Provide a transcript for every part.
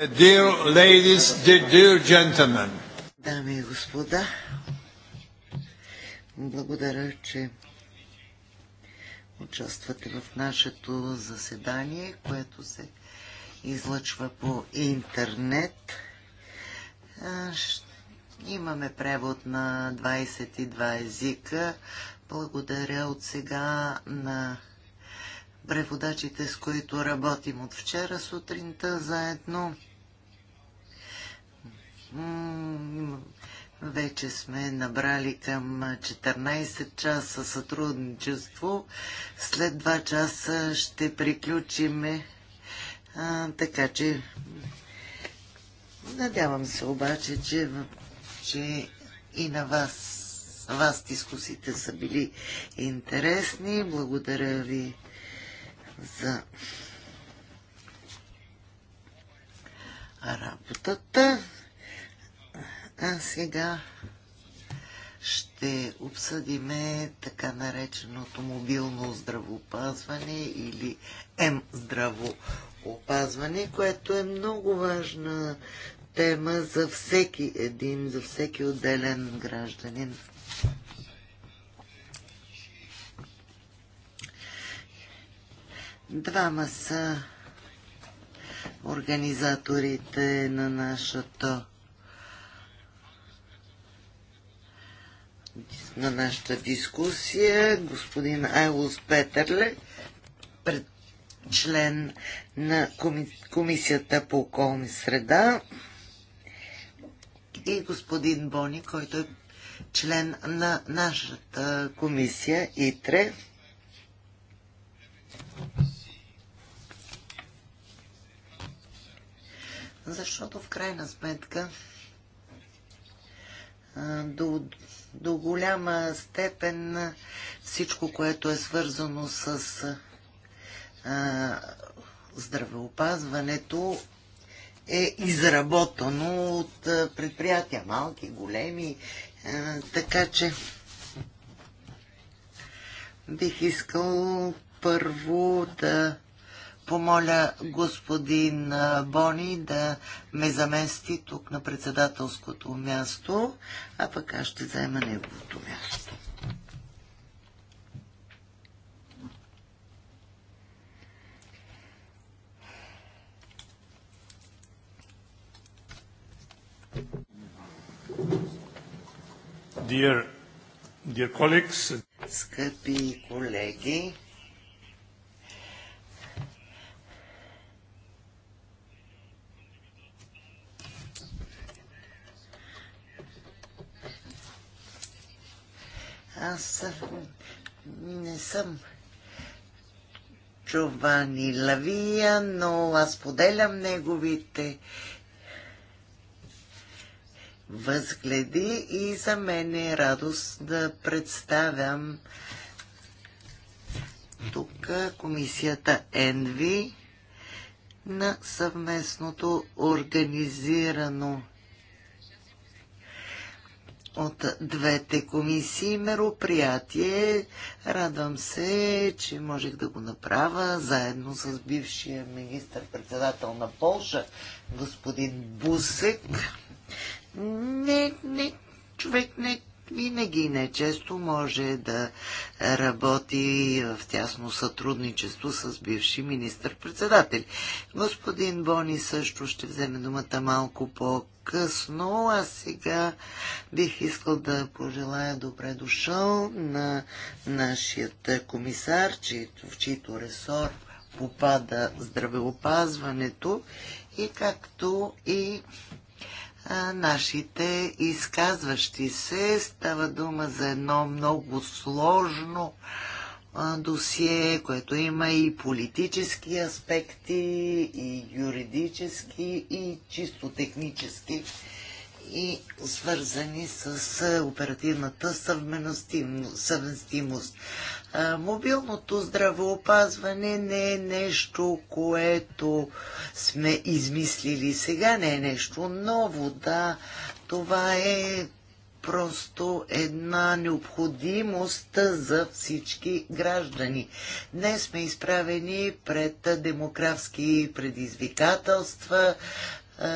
Dear ladies, dear gentlemen. Дами и господа, благодаря, че участвате в нашето заседание, което се излъчва по интернет. Имаме превод на 22 езика. Благодаря от сега на преводачите, с които работим от вчера сутринта заедно. Вече сме набрали към 14 часа сътрудничество. След 2 часа ще приключиме. А, така че надявам се обаче, че, че и на вас вас дискусите са били интересни. Благодаря ви за работата. А сега ще обсъдиме така нареченото мобилно здравоопазване или М-здравоопазване, което е много важна тема за всеки един, за всеки отделен гражданин. Двама са организаторите на нашата на нашата дискусия господин Айлус Петърле, пред член на коми... Комисията по околни среда и господин Бони, който е член на нашата комисия ИТРЕ. Защото в крайна сметка до, до голяма степен всичко, което е свързано с а, здравеопазването, е изработено от предприятия, малки, големи. А, така че бих искал първо да помоля господин Бони да ме замести тук на председателското място, а пък аз ще заема неговото място. Dear, dear colleagues, Скъпи колеги, Аз не съм Джовани Лавия, но аз поделям неговите възгледи и за мен е радост да представям тук комисията ЕНВИ на съвместното организирано от двете комисии мероприятие. Радвам се, че можех да го направя заедно с бившия министр-председател на Полша, господин Бусек. Не, не, човек не винаги не често може да работи в тясно сътрудничество с бивши министър-председатели. Господин Бони също ще вземе думата малко по късно, а сега бих искал да пожелая добре дошъл на нашият комисар, чието, в чието ресор попада здравеопазването и както и а, нашите изказващи се. Става дума за едно много сложно досие, което има и политически аспекти, и юридически, и чисто технически, и свързани с оперативната съвместимост. Мобилното здравеопазване не е нещо, което сме измислили сега, не е нещо ново, да. Това е просто една необходимост за всички граждани. Днес сме изправени пред демографски предизвикателства. Е,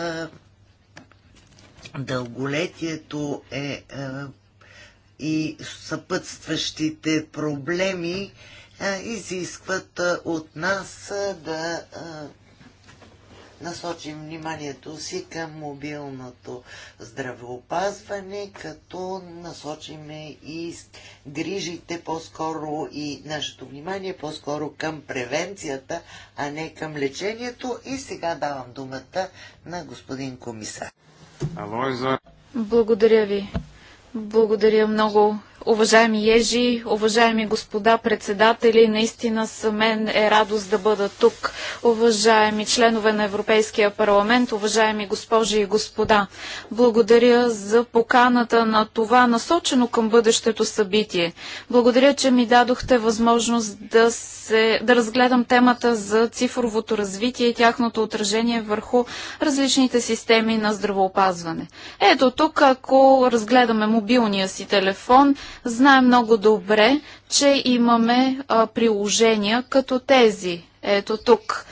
дълголетието е, е и съпътстващите проблеми е, изискват от нас да насочим вниманието си към мобилното здравеопазване, като насочиме и грижите по-скоро и нашето внимание по-скоро към превенцията, а не към лечението. И сега давам думата на господин комисар. Алойза. Благодаря ви. Благодаря много Уважаеми ежи, уважаеми господа председатели, наистина за мен е радост да бъда тук. Уважаеми членове на Европейския парламент, уважаеми госпожи и господа, благодаря за поканата на това насочено към бъдещето събитие. Благодаря, че ми дадохте възможност да, се, да разгледам темата за цифровото развитие и тяхното отражение върху различните системи на здравоопазване. Ето тук, ако разгледаме мобилния си телефон, Знае много добре, че имаме а, приложения като тези. Ето тук.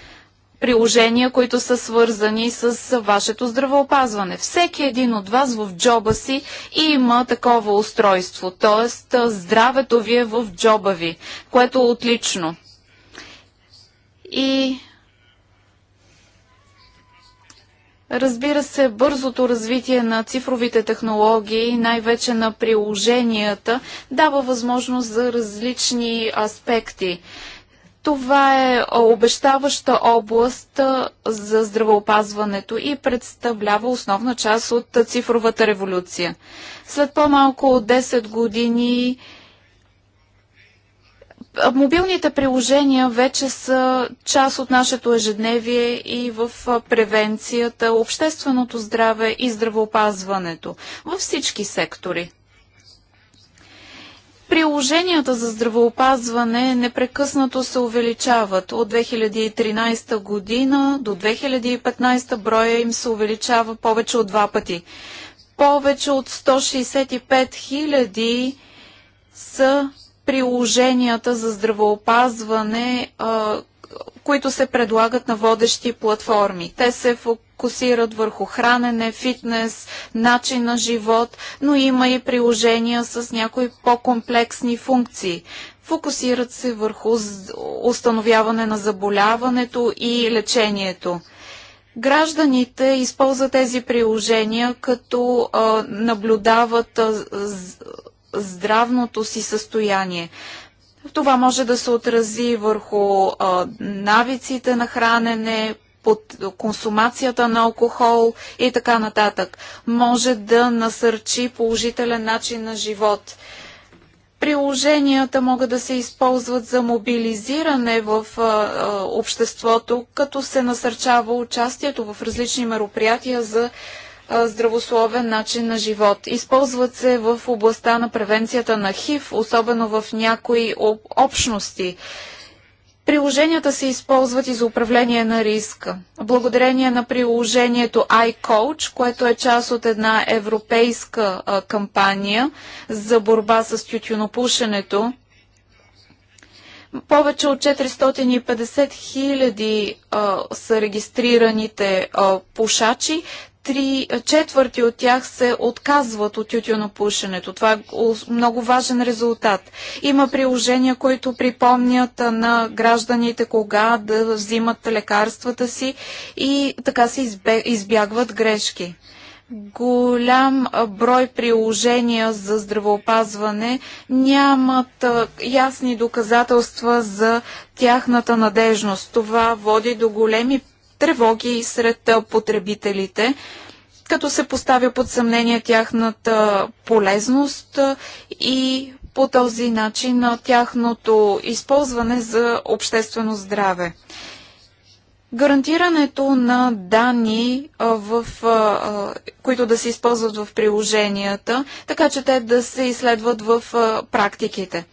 Приложения, които са свързани с вашето здравеопазване. Всеки един от вас в джоба си има такова устройство, т.е. здравето ви е в джоба ви, което е отлично. И Разбира се, бързото развитие на цифровите технологии, най-вече на приложенията, дава възможност за различни аспекти. Това е обещаваща област за здравеопазването и представлява основна част от цифровата революция. След по-малко от 10 години Мобилните приложения вече са част от нашето ежедневие и в превенцията, общественото здраве и здравеопазването във всички сектори. Приложенията за здравеопазване непрекъснато се увеличават. От 2013 година до 2015 броя им се увеличава повече от два пъти. Повече от 165 хиляди са приложенията за здравеопазване, които се предлагат на водещи платформи. Те се фокусират върху хранене, фитнес, начин на живот, но има и приложения с някои по-комплексни функции. Фокусират се върху установяване на заболяването и лечението. Гражданите използват тези приложения, като а, наблюдават а, здравното си състояние. Това може да се отрази върху а, навиците на хранене, под консумацията на алкохол и така нататък. Може да насърчи положителен начин на живот. Приложенията могат да се използват за мобилизиране в а, а, обществото, като се насърчава участието в различни мероприятия за здравословен начин на живот. Използват се в областта на превенцията на ХИВ, особено в някои общности. Приложенията се използват и за управление на риска. Благодарение на приложението iCoach, което е част от една европейска а, кампания за борба с тютюнопушенето, повече от 450 хиляди са регистрираните а, пушачи, три четвърти от тях се отказват от тютюнопушенето. Това е много важен резултат. Има приложения, които припомнят на гражданите кога да взимат лекарствата си и така се избягват грешки голям брой приложения за здравеопазване нямат ясни доказателства за тяхната надежност. Това води до големи тревоги сред потребителите, като се поставя под съмнение тяхната полезност и по този начин тяхното използване за обществено здраве. Гарантирането на данни, в, които да се използват в приложенията, така че те да се изследват в практиките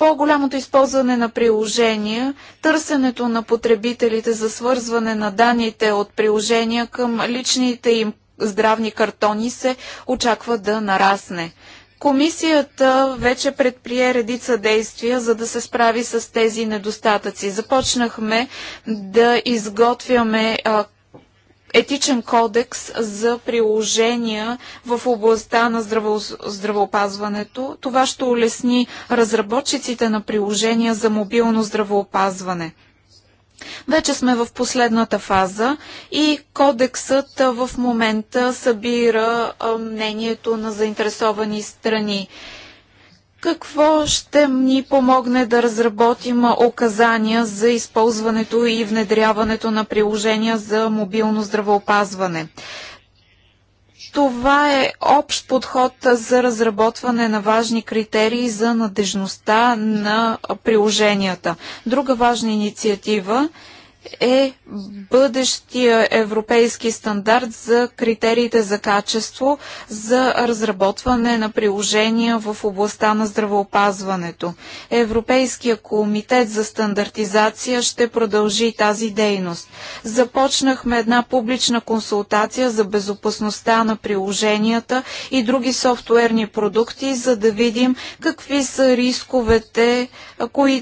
по-голямото използване на приложения, търсенето на потребителите за свързване на данните от приложения към личните им здравни картони се очаква да нарасне. Комисията вече предприе редица действия, за да се справи с тези недостатъци. Започнахме да изготвяме а, етичен кодекс за приложения в областта на здраво, здравеопазването. Това ще улесни разработчиците на приложения за мобилно здравеопазване. Вече сме в последната фаза и кодексът в момента събира мнението на заинтересовани страни. Какво ще ни помогне да разработим указания за използването и внедряването на приложения за мобилно здравеопазване? Това е общ подход за разработване на важни критерии за надежността на приложенията. Друга важна инициатива е е бъдещия европейски стандарт за критериите за качество за разработване на приложения в областта на здравеопазването. Европейския комитет за стандартизация ще продължи тази дейност. Започнахме една публична консултация за безопасността на приложенията и други софтуерни продукти, за да видим какви са рисковете,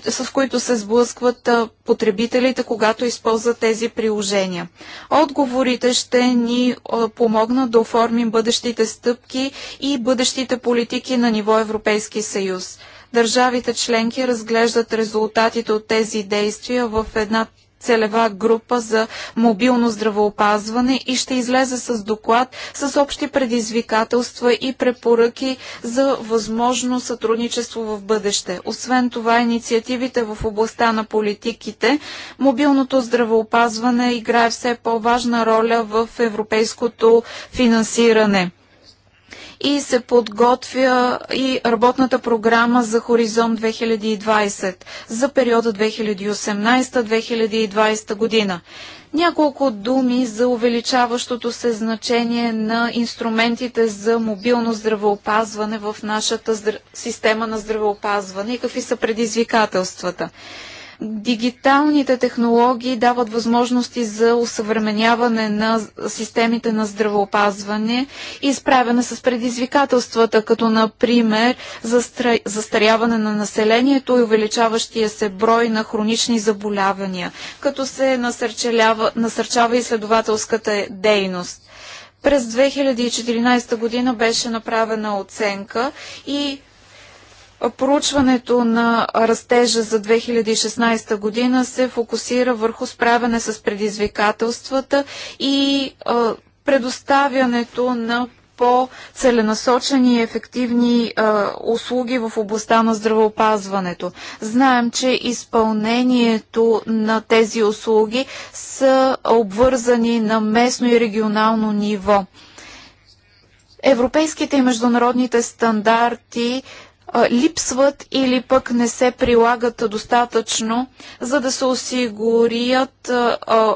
с които се сблъскват потребителите, когато използва тези приложения. Отговорите ще ни помогнат да оформим бъдещите стъпки и бъдещите политики на ниво Европейски съюз. Държавите членки разглеждат резултатите от тези действия в една целева група за мобилно здравоопазване и ще излезе с доклад с общи предизвикателства и препоръки за възможно сътрудничество в бъдеще. Освен това, инициативите в областта на политиките, мобилното здравоопазване играе все по-важна роля в европейското финансиране и се подготвя и работната програма за Хоризонт 2020 за периода 2018-2020 година. Няколко думи за увеличаващото се значение на инструментите за мобилно здравеопазване в нашата здр... система на здравеопазване и какви са предизвикателствата. Дигиталните технологии дават възможности за усъвременяване на системите на здравеопазване и справяне с предизвикателствата, като например застаряване на населението и увеличаващия се брой на хронични заболявания, като се насърчава изследователската дейност. През 2014 година беше направена оценка и Проучването на растежа за 2016 година се фокусира върху справяне с предизвикателствата и а, предоставянето на по-целенасочени и ефективни а, услуги в областта на здравеопазването. Знаем, че изпълнението на тези услуги са обвързани на местно и регионално ниво. Европейските и международните стандарти липсват или пък не се прилагат достатъчно, за да се осигурят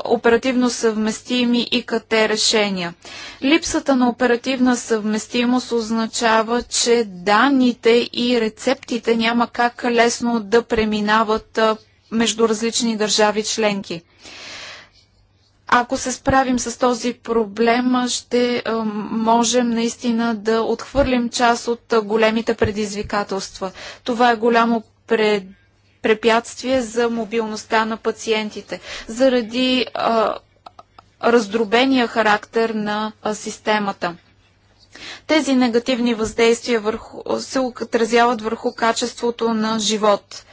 оперативно съвместими ИКТ решения. Липсата на оперативна съвместимост означава, че данните и рецептите няма как лесно да преминават между различни държави членки. Ако се справим с този проблем, ще можем наистина да отхвърлим част от големите предизвикателства. Това е голямо пред препятствие за мобилността на пациентите. Заради а, раздробения характер на а, системата. Тези негативни въздействия върху, се отразяват върху качеството на живот.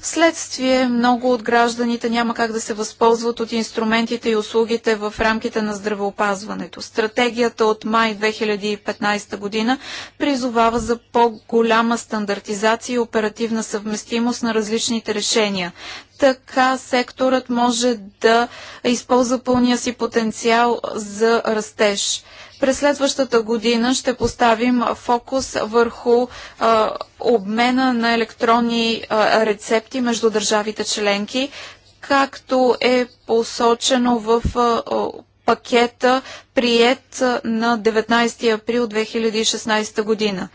Вследствие много от гражданите няма как да се възползват от инструментите и услугите в рамките на здравеопазването. Стратегията от май 2015 година призовава за по-голяма стандартизация и оперативна съвместимост на различните решения. Така секторът може да използва пълния си потенциал за растеж. През следващата година ще поставим фокус върху а, обмена на електронни а, рецепти между държавите членки, както е посочено в а, пакета, прият на 19 април 2016 година.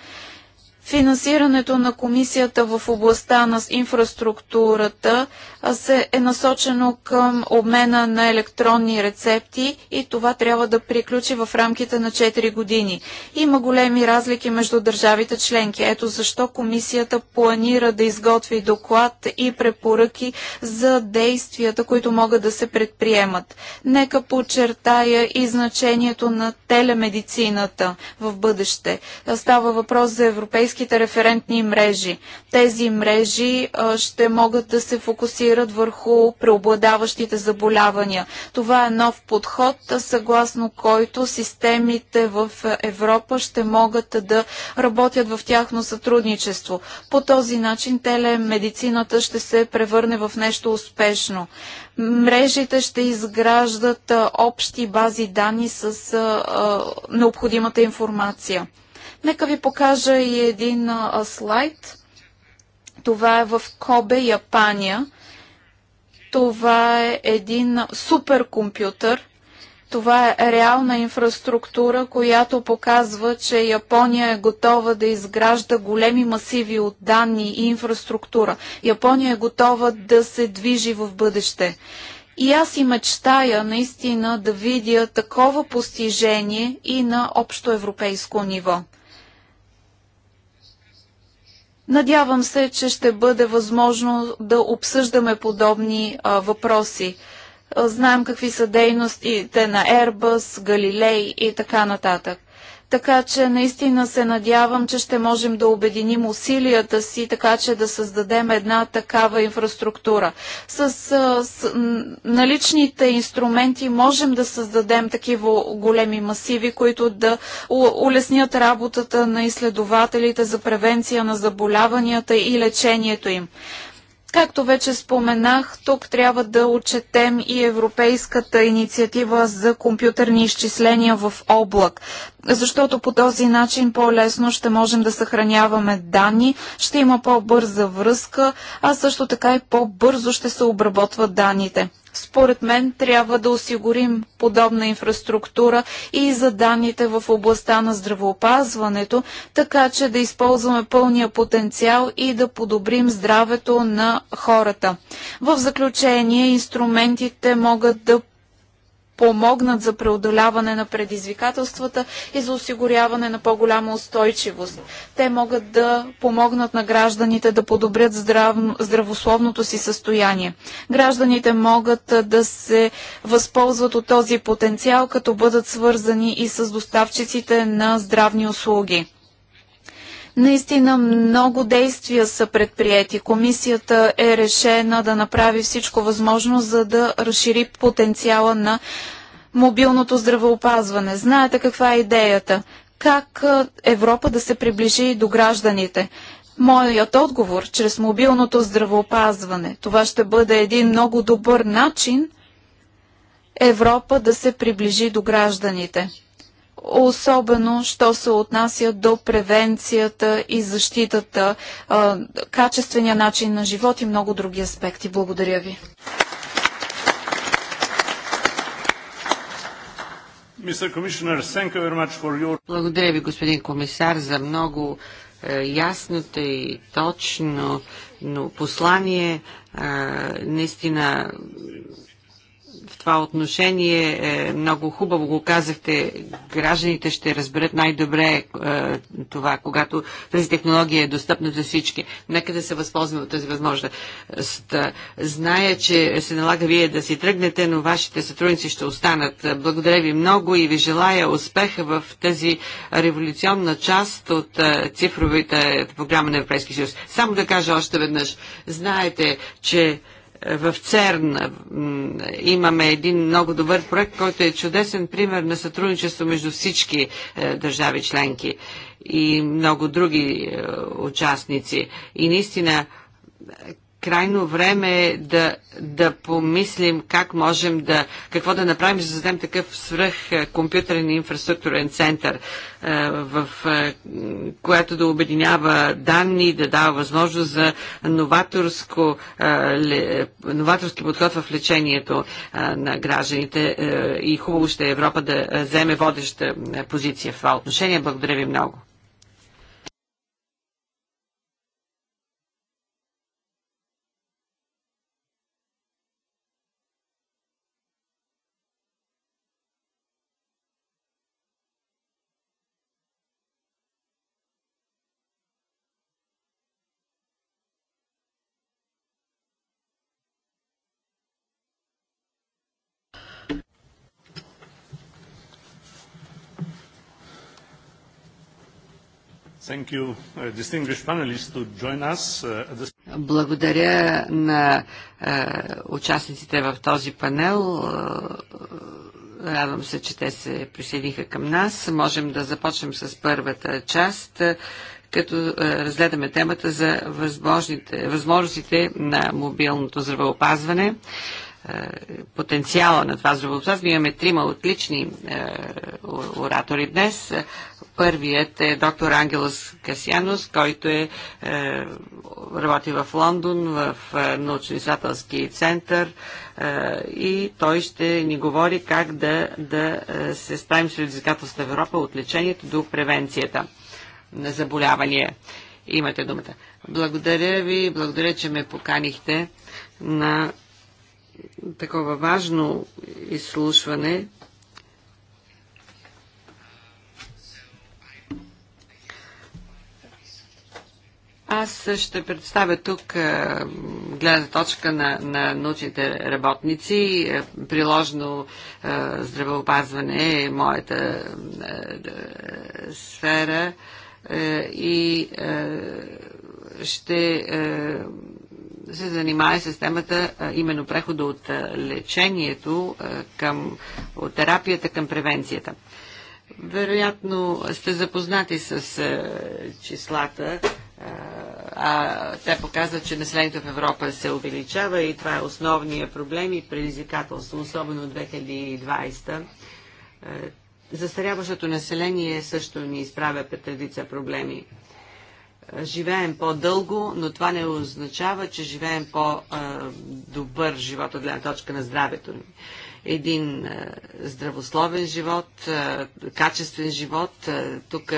Финансирането на комисията в областта на инфраструктурата се е насочено към обмена на електронни рецепти и това трябва да приключи в рамките на 4 години. Има големи разлики между държавите членки. Ето защо комисията планира да изготви доклад и препоръки за действията, които могат да се предприемат. Нека подчертая и значението на телемедицината в бъдеще. Става въпрос за европейска европейските референтни мрежи. Тези мрежи ще могат да се фокусират върху преобладаващите заболявания. Това е нов подход, съгласно който системите в Европа ще могат да работят в тяхно сътрудничество. По този начин телемедицината ще се превърне в нещо успешно. Мрежите ще изграждат общи бази данни с необходимата информация. Нека ви покажа и един а, слайд. Това е в Кобе, Япания. Това е един суперкомпютър. Това е реална инфраструктура, която показва, че Япония е готова да изгражда големи масиви от данни и инфраструктура. Япония е готова да се движи в бъдеще. И аз и мечтая наистина да видя такова постижение и на общо европейско ниво. Надявам се, че ще бъде възможно да обсъждаме подобни а, въпроси. Знаем какви са дейностите на Airbus, Галилей и така нататък. Така че наистина се надявам, че ще можем да обединим усилията си, така че да създадем една такава инфраструктура. С, с наличните инструменти можем да създадем такива големи масиви, които да улеснят работата на изследователите за превенция на заболяванията и лечението им. Както вече споменах, тук трябва да отчетем и Европейската инициатива за компютърни изчисления в облак, защото по този начин по-лесно ще можем да съхраняваме данни, ще има по-бърза връзка, а също така и по-бързо ще се обработват данните. Според мен трябва да осигурим подобна инфраструктура и за данните в областта на здравеопазването, така че да използваме пълния потенциал и да подобрим здравето на хората. В заключение, инструментите могат да помогнат за преодоляване на предизвикателствата и за осигуряване на по-голяма устойчивост. Те могат да помогнат на гражданите да подобрят здрав... здравословното си състояние. Гражданите могат да се възползват от този потенциал, като бъдат свързани и с доставчиците на здравни услуги. Наистина много действия са предприяти. Комисията е решена да направи всичко възможно, за да разшири потенциала на мобилното здравеопазване. Знаете каква е идеята? Как Европа да се приближи до гражданите? Моят отговор чрез мобилното здравеопазване. Това ще бъде един много добър начин Европа да се приближи до гражданите особено, що се отнася до превенцията и защитата, качествения начин на живот и много други аспекти. Благодаря ви. Благодаря ви, господин комисар, за много е, ясното и точно но послание. наистина това отношение. Е, много хубаво го казахте. Гражданите ще разберат най-добре е, това, когато тази технология е достъпна за всички. Нека да се възползваме от тази възможност. Зная, че се налага вие да си тръгнете, но вашите сътрудници ще останат. Благодаря ви много и ви желая успеха в тази революционна част от е, цифровите програма на Европейския съюз. Само да кажа още веднъж. Знаете, че в ЦЕРН имаме един много добър проект, който е чудесен пример на сътрудничество между всички е, държави членки и много други е, участници. И наистина крайно време е да, да помислим как можем да, какво да направим, за да създадем такъв свръх е, компютърен инфраструктурен център, е, в е, което да обединява данни, да дава възможност за новаторско, новаторски подход в лечението на гражданите и хубаво ще Европа да вземе водеща позиция в това отношение. Благодаря ви много. Uh, uh, Благодаря на е, участниците в този панел. Е, радвам се, че те се присъединиха към нас. Можем да започнем с първата част е, като разгледаме темата за възможностите на мобилното здравеопазване потенциала на това здравеопазване. Имаме трима отлични оратори днес. Първият е доктор Ангелос Касянос, който е, е, работи в Лондон, в е, научно-изследователски център е, и той ще ни говори как да, да е, се справим с предизвикателството в Европа от лечението до превенцията на заболявания. Имате думата. Благодаря ви, благодаря, че ме поканихте на такова важно изслушване, Аз ще представя тук е, гледна точка на, на научните работници. Е, приложно е, здравеопазване е моята сфера и ще се занимае с темата именно прехода от лечението към от терапията към превенцията. Вероятно сте запознати с числата а, те показват, че населението в Европа се увеличава и това е основният проблем и предизвикателство, особено от 2020. Е, застаряващото население също ни изправя пред редица проблеми. Е, живеем по-дълго, но това не означава, че живеем по-добър е, живот от гледна точка на здравето ни един здравословен живот, качествен живот. Тук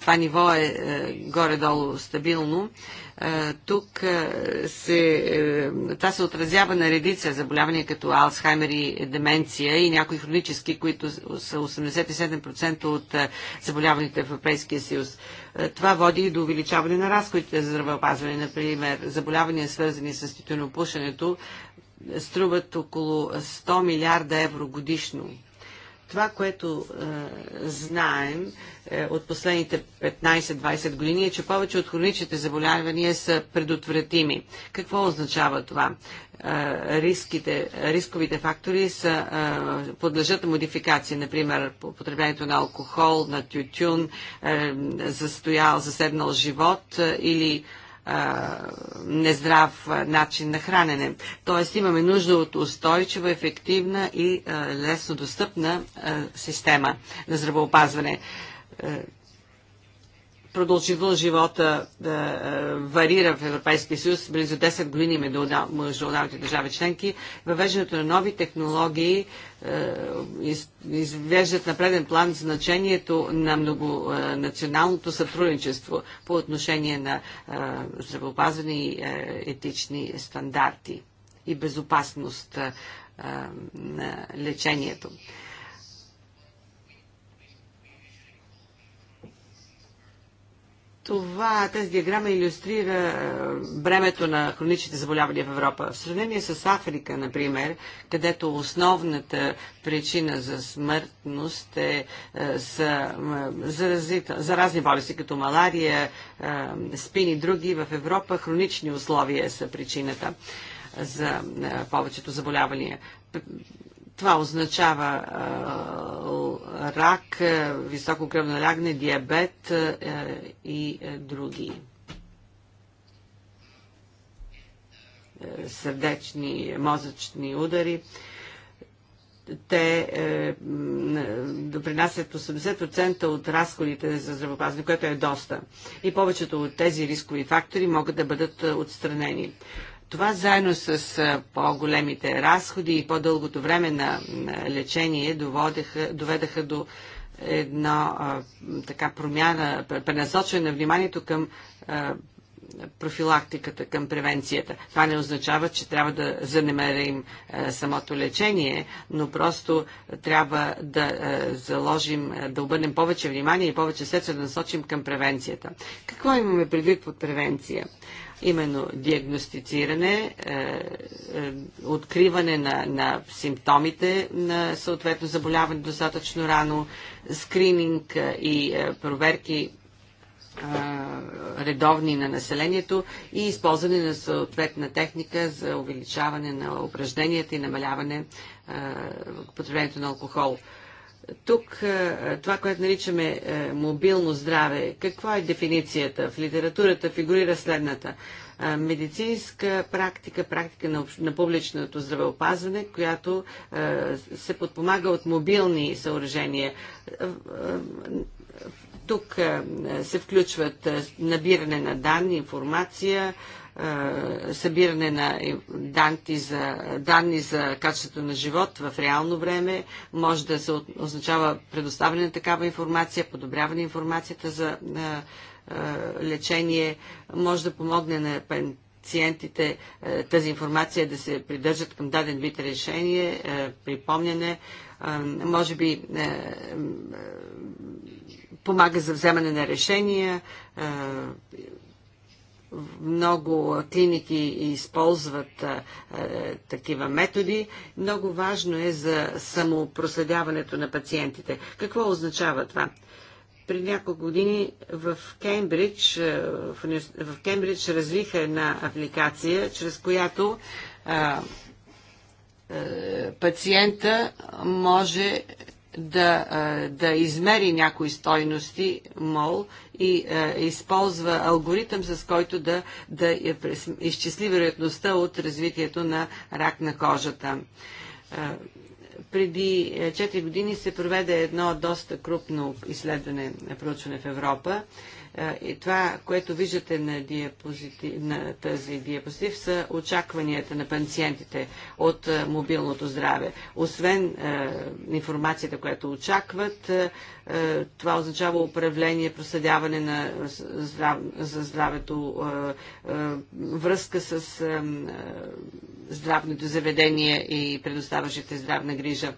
това ниво е горе-долу стабилно. Тук се, това се отразява на редица заболявания като Алцхаймер и деменция и някои хронически, които са 87% от заболяваните в Европейския съюз. Това води и до увеличаване на разходите за здравеопазване. Например, заболявания свързани с пушенето струват около 100 милиарда евро годишно. Това, което е, знаем е, от последните 15-20 години е, че повече от хроничните заболявания са предотвратими. Какво означава това? Е, риските, рисковите фактори са, е, подлежат на модификация, например, потреблението на алкохол, на тютюн, е, застоял, заседнал живот е, или нездрав начин на хранене. Тоест имаме нужда от устойчива, ефективна и лесно достъпна система на здравеопазване продължител живота да е, варира в Европейския съюз, близо 10 години между отделните държави членки, въвеждането на нови технологии е, извеждат на преден план значението на многонационалното е, сътрудничество по отношение на здравеопазване и етични стандарти и безопасност на лечението. Това, тази диаграма иллюстрира е, бремето на хроничните заболявания в Европа. В сравнение с Африка, например, където основната причина за смъртност е, са е, е, заразит, заразни болести, като малария, спин и други. В Европа хронични условия са причината за повечето заболявания това означава а, рак, високо кръвно лягне, диабет а, и а, други а, сърдечни, мозъчни удари. Те е, е допринасят 80% от разходите за здравеопазване, което е доста. И повечето от тези рискови фактори могат да бъдат е, отстранени. Това заедно с по-големите разходи и по-дългото време на лечение доведаха до една така промяна, пренасочване на вниманието към профилактиката, към превенцията. Това не означава, че трябва да занемерим самото лечение, но просто трябва да заложим, да обърнем повече внимание и повече средства да насочим към превенцията. Какво имаме предвид под превенция? именно диагностициране, е, е, откриване на, на симптомите на съответно заболяване достатъчно рано, скрининг е, и проверки редовни на населението и използване на съответна техника за увеличаване на упражненията и намаляване потреблението на алкохол. Тук това, което наричаме е, мобилно здраве, каква е дефиницията? В литературата фигурира следната. Медицинска практика, практика на, на публичното здравеопазване, която се подпомага от мобилни съоръжения. Тук се включват набиране на данни, информация, събиране на данни за, данни за качеството на живот в реално време, може да се означава предоставяне на такава информация, подобряване информацията за лечение, може да помогне на пациентите тази информация да се придържат към даден вид решение, припомняне, може би помага за вземане на решения, много клиники използват а, а, такива методи. Много важно е за самопроследяването на пациентите. Какво означава това? При няколко години в Кембридж, в, в Кембридж развиха една апликация, чрез която а, а, пациента може да, да измери някои стойности, мол, и а, е, използва алгоритъм, с който да, да изчисли вероятността от развитието на рак на кожата. А, е, преди 4 е, години се проведе едно доста крупно изследване, на проучване в Европа и това, което виждате на, диапозитив, на тази диапозитив, са очакванията на пациентите от мобилното здраве. Освен е, информацията, която очакват, е, това означава управление, проследяване на здрав... за здравето, е, е, връзка с е, здравното заведение и предоставащите здравна грижа. Е,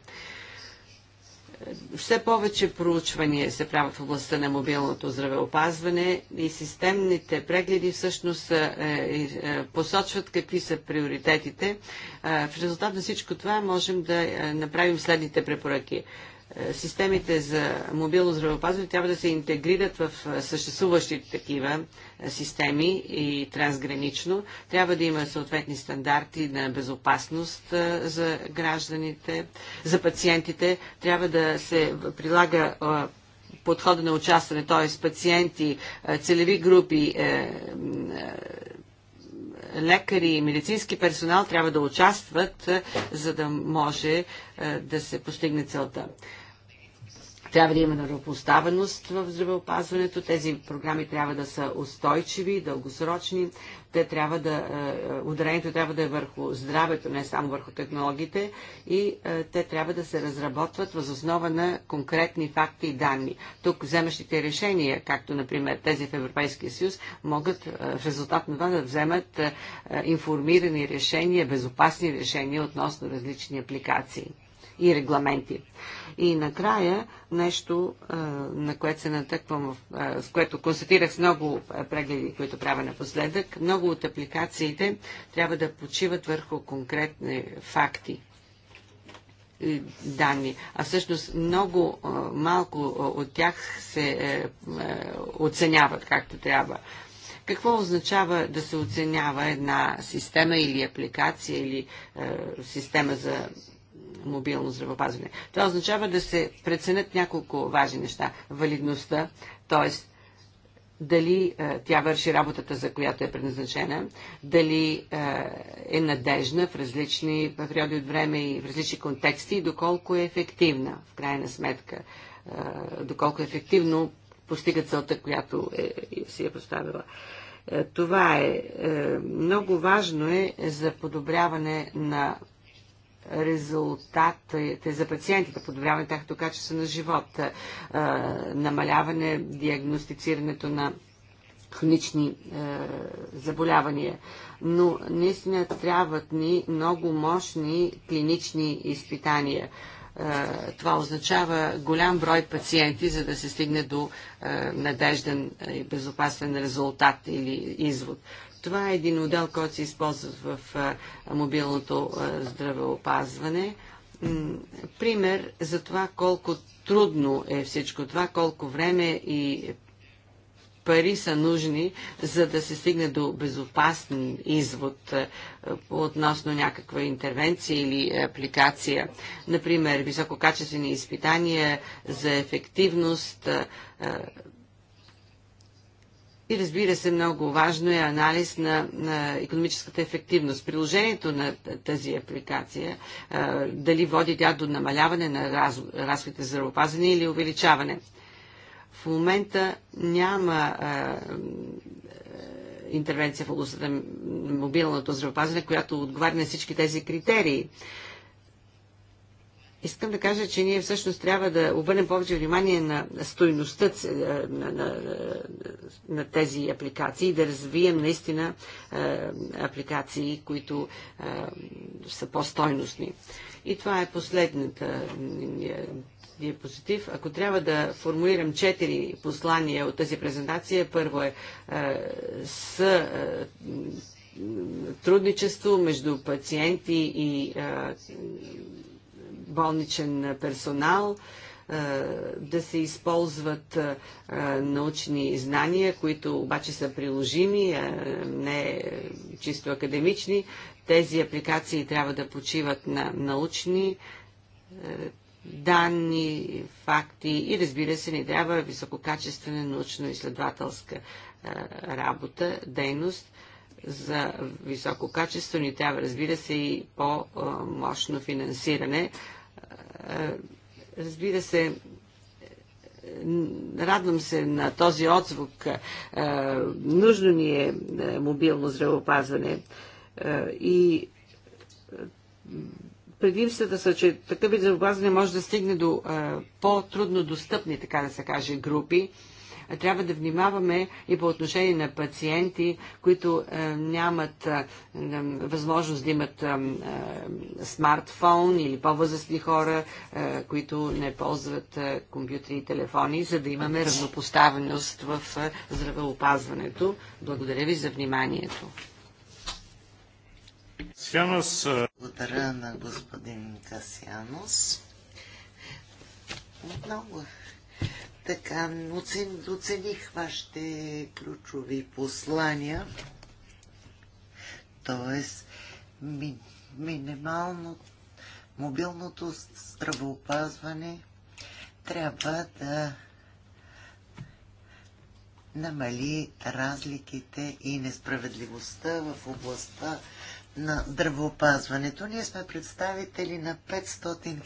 все повече проучвания се правят в областта на мобилното здравеопазване и системните прегледи всъщност е, е, е, посочват какви са приоритетите. В резултат на всичко това можем да направим следните препоръки. Е, системите за мобилно здравеопазване трябва да се интегрират в е, съществуващите такива е, системи и трансгранично. Трябва да има съответни стандарти на безопасност за гражданите, за пациентите. Трябва да се прилага подхода на участване, т.е. пациенти, целеви групи, лекари и медицински персонал трябва да участват, за да може да се постигне целта. Трябва да има равнопоставеност в здравеопазването. Тези програми трябва да са устойчиви, дългосрочни. Те трябва да, е, е, ударението трябва да е върху здравето, не само върху технологиите. И е, те трябва да се разработват въз основа на конкретни факти и данни. Тук вземащите решения, както например тези в Европейския съюз, могат в резултат на това да вземат информирани решения, безопасни решения относно различни апликации и регламенти. И накрая нещо, на което се натъквам, с което констатирах с много прегледи, които правя напоследък, много от апликациите трябва да почиват върху конкретни факти и данни. А всъщност много малко от тях се е, е, оценяват както трябва. Какво означава да се оценява една система или апликация или е, система за мобилно здравеопазване. Това означава да се преценят няколко важни неща. Валидността, т.е. дали е, тя върши работата, за която е предназначена, дали е, е надежна в различни периоди от време и в различни контексти и доколко е ефективна, в крайна сметка, е, доколко ефективно постига целта, която е, си е поставила. Е, това е, е много важно е за подобряване на резултатите за пациентите, подобряване тяхното качество на живот, намаляване диагностицирането на хронични заболявания но наистина трябват ни много мощни клинични изпитания. Това означава голям брой пациенти, за да се стигне до надежден и безопасен резултат или извод. Това е един отдел, който се използва в мобилното здравеопазване. Пример за това колко трудно е всичко това, колко време и пари са нужни, за да се стигне до безопасен извод относно някаква интервенция или апликация. Например, висококачествени изпитания за ефективност, и разбира се, много важно е анализ на, на економическата ефективност. Приложението на тази апликация, а, дали води тя до намаляване на раз, разходите за здравеопазване или увеличаване. В момента няма а, интервенция в областта на мобилното здравеопазване, която отговаря на всички тези критерии. Искам да кажа, че ние всъщност трябва да обърнем повече внимание на стойността е, на, на, на, на тези апликации и да развием наистина е, апликации, които е, са по-стойностни. И това е последната диапозитив. Ако трябва да формулирам четири послания от тази презентация, първо е с трудничество между пациенти и болничен персонал, е, да се използват е, научни знания, които обаче са приложими, е, не чисто академични. Тези апликации трябва да почиват на научни данни, факти и разбира се, ни трябва висококачествена научно-изследователска работа, дейност за високо качество. Ни трябва, разбира се, и по-мощно финансиране, Разбира се, радвам се на този отзвук. Нужно ни е мобилно здравеопазване и предимствата са, че такъв вид здравеопазване може да стигне до по-трудно достъпни, така да се каже, групи трябва да внимаваме и по отношение на пациенти, които е, нямат е, възможност да имат е, смартфон или по-възрастни хора, които не ползват компютри и телефони, за да имаме равнопоставеност в здравеопазването. Благодаря ви за вниманието. Благодаря на господин Касианос. Много така оцених вашите ключови послания, т.е. Ми, минимално мобилното здравоопазване. трябва да намали разликите и несправедливостта в областта на здравеопазването. Ние сме представители на 500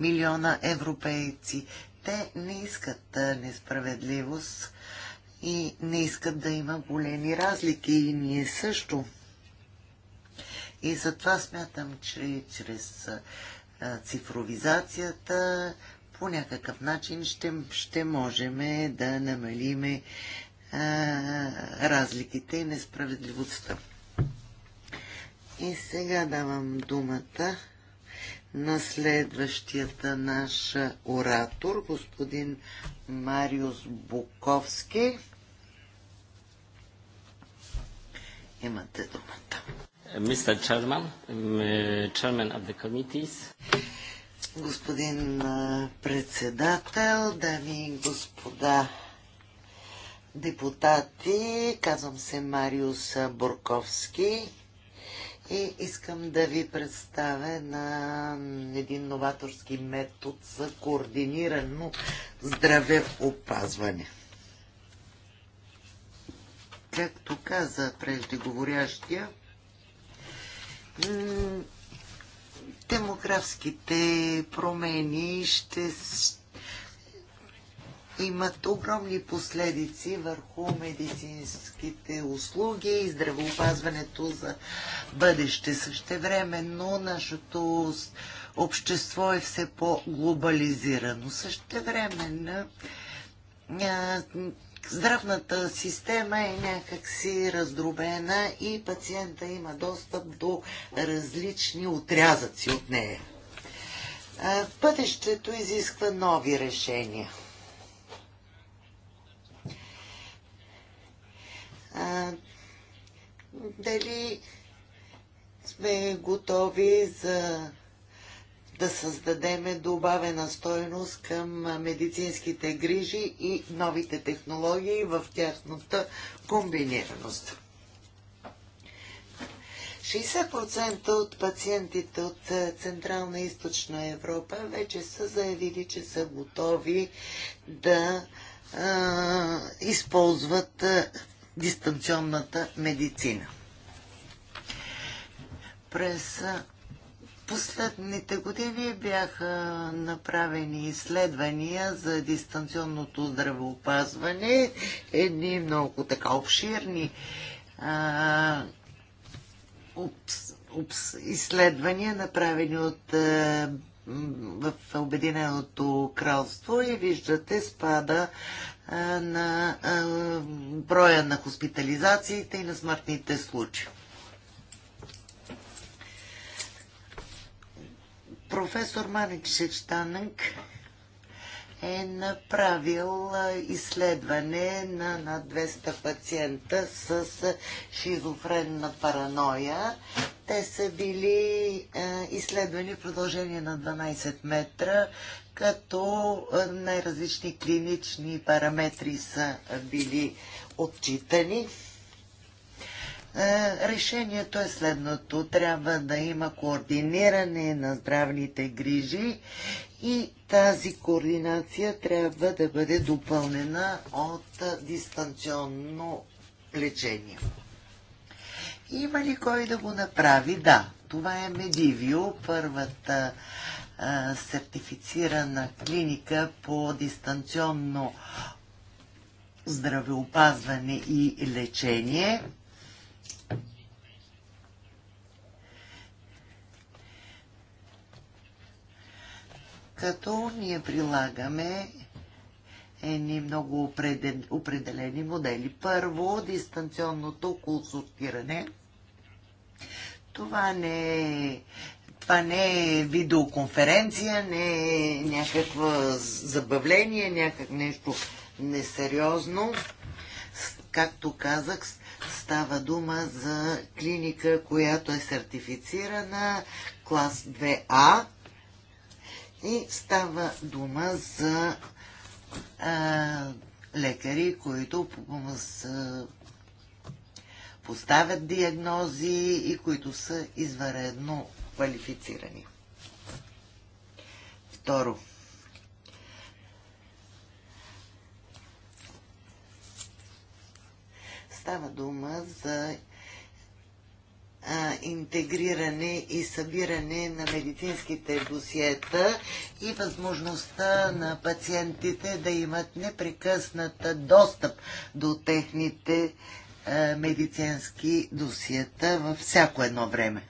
милиона европейци те не искат несправедливост и не искат да има големи разлики и ние също. И затова смятам, че чрез цифровизацията по някакъв начин ще, ще можем да намалиме разликите и несправедливостта. И сега давам думата на следващията наш оратор, господин Мариус Буковски. Имате думата. Мистер Черман, Черман от комитис. Господин председател, дами и господа депутати, казвам се Мариус Бурковски и искам да ви представя на един новаторски метод за координирано здраве опазване. Както каза преждеговорящия, демографските промени ще, имат огромни последици върху медицинските услуги и здравеопазването за бъдеще. Същевременно нашето общество е все по-глобализирано. време здравната система е някакси раздробена и пациента има достъп до различни отрязъци от нея. Пътещето изисква нови решения – а, дали сме готови за да създадеме добавена стойност към медицинските грижи и новите технологии в тяхната комбинираност. 60% от пациентите от Централна и Източна Европа вече са заявили, че са готови да а, използват дистанционната медицина. През последните години бяха направени изследвания за дистанционното здравеопазване, едни много така обширни а, обс, обс, изследвания, направени от а, в Обединеното кралство и виждате спада на броя на хоспитализациите и на смъртните случаи. Професор Маник Шечтанък е направил изследване на над 200 пациента с шизофренна параноя те са били е, изследвани в продължение на 12 метра, като е, най-различни клинични параметри са били отчитани. Е, решението е следното. Трябва да има координиране на здравните грижи и тази координация трябва да бъде допълнена от дистанционно лечение. Има ли кой да го направи? Да, това е Медивио, първата а, сертифицирана клиника по дистанционно здравеопазване и лечение. Като ние прилагаме едни много определени модели. Първо, дистанционното консултиране – това не е това не е видеоконференция, не е някакво забавление, някак нещо несериозно. Както казах, става дума за клиника, която е сертифицирана, клас 2А. И става дума за а, лекари, които са поставят диагнози и които са извънредно квалифицирани. Второ. Става дума за интегриране и събиране на медицинските досиета и възможността на пациентите да имат непрекъсната достъп до техните е, медицински досията във всяко едно време.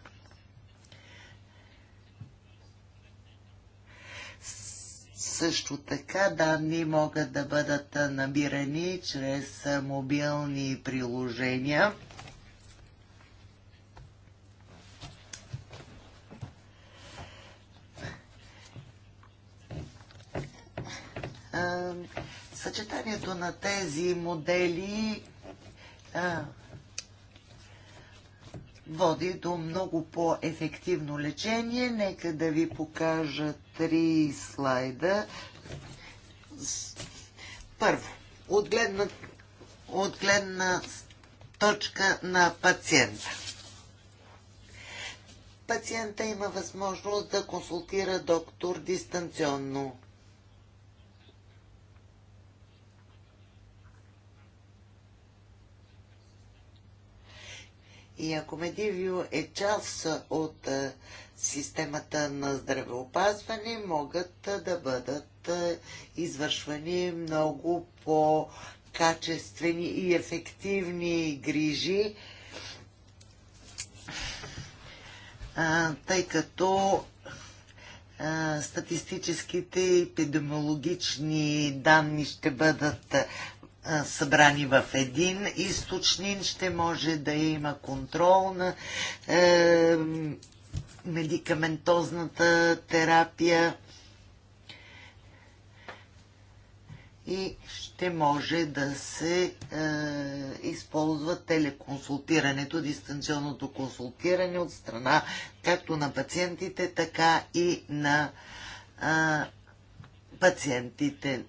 Също така данни могат да бъдат набирани чрез мобилни приложения. Е, съчетанието на тези модели а, води до много по-ефективно лечение. Нека да ви покажа три слайда. Първо, от гледна, от гледна точка на пациента. Пациента има възможност да консултира доктор дистанционно. И ако Медивио е част от системата на здравеопазване, могат да бъдат извършвани много по-качествени и ефективни грижи, тъй като статистическите и епидемиологични данни ще бъдат събрани в един източник, ще може да има контрол на е, медикаментозната терапия и ще може да се е, използва телеконсултирането, дистанционното консултиране от страна както на пациентите, така и на е, пациентите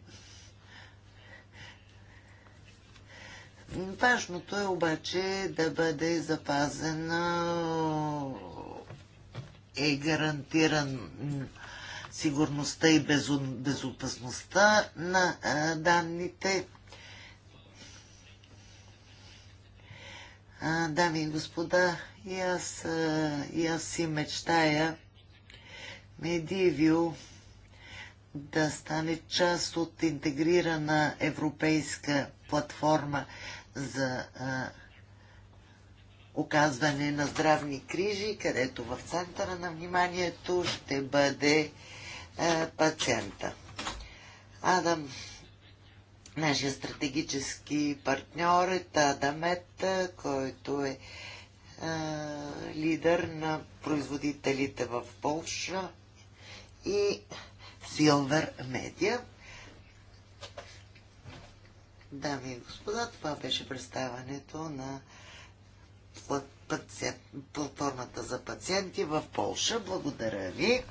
Важното е обаче да бъде запазена е гарантиран сигурността и безопасността на данните. Дами и господа, и аз, и аз си мечтая Медивио да стане част от интегрирана европейска платформа за а, оказване на здравни крижи, където в центъра на вниманието ще бъде а, пациента. Адам, нашия стратегически партньор е Тадамет, който е а, лидер на производителите в Полша и Silver Media – Дами и господа, това беше представането на платформата за пациенти в Полша. Благодаря ви.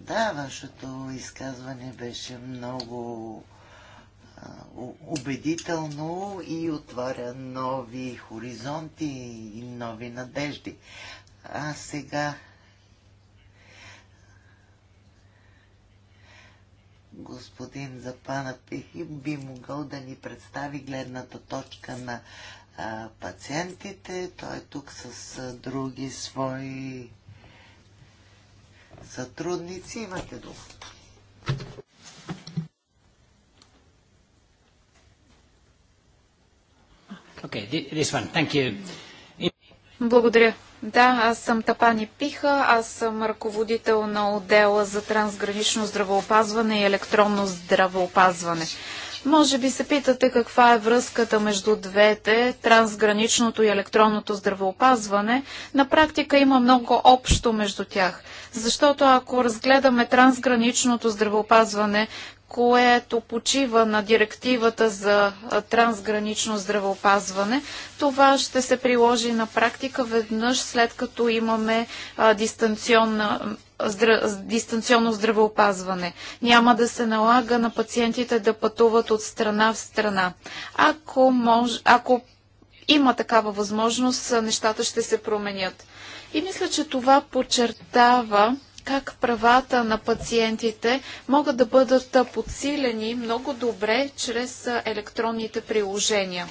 Да, вашето изказване беше много убедително и отваря нови хоризонти и нови надежди. А сега господин Запана би могъл да ни представи гледната точка на а, пациентите. Той е тук с а, други свои сътрудници. Имате думата. Благодаря. Да, аз съм Тапани Пиха, аз съм ръководител на отдела за трансгранично здравеопазване и електронно здравеопазване. Може би се питате каква е връзката между двете, трансграничното и електронното здравеопазване. На практика има много общо между тях. Защото ако разгледаме трансграничното здравеопазване което почива на директивата за трансгранично здравеопазване. Това ще се приложи на практика веднъж след като имаме дистанционна дистанционно здравеопазване. Няма да се налага на пациентите да пътуват от страна в страна. Ако, мож, ако има такава възможност, нещата ще се променят. И мисля, че това подчертава как правата на пациентите могат да бъдат подсилени много добре чрез електронните приложения.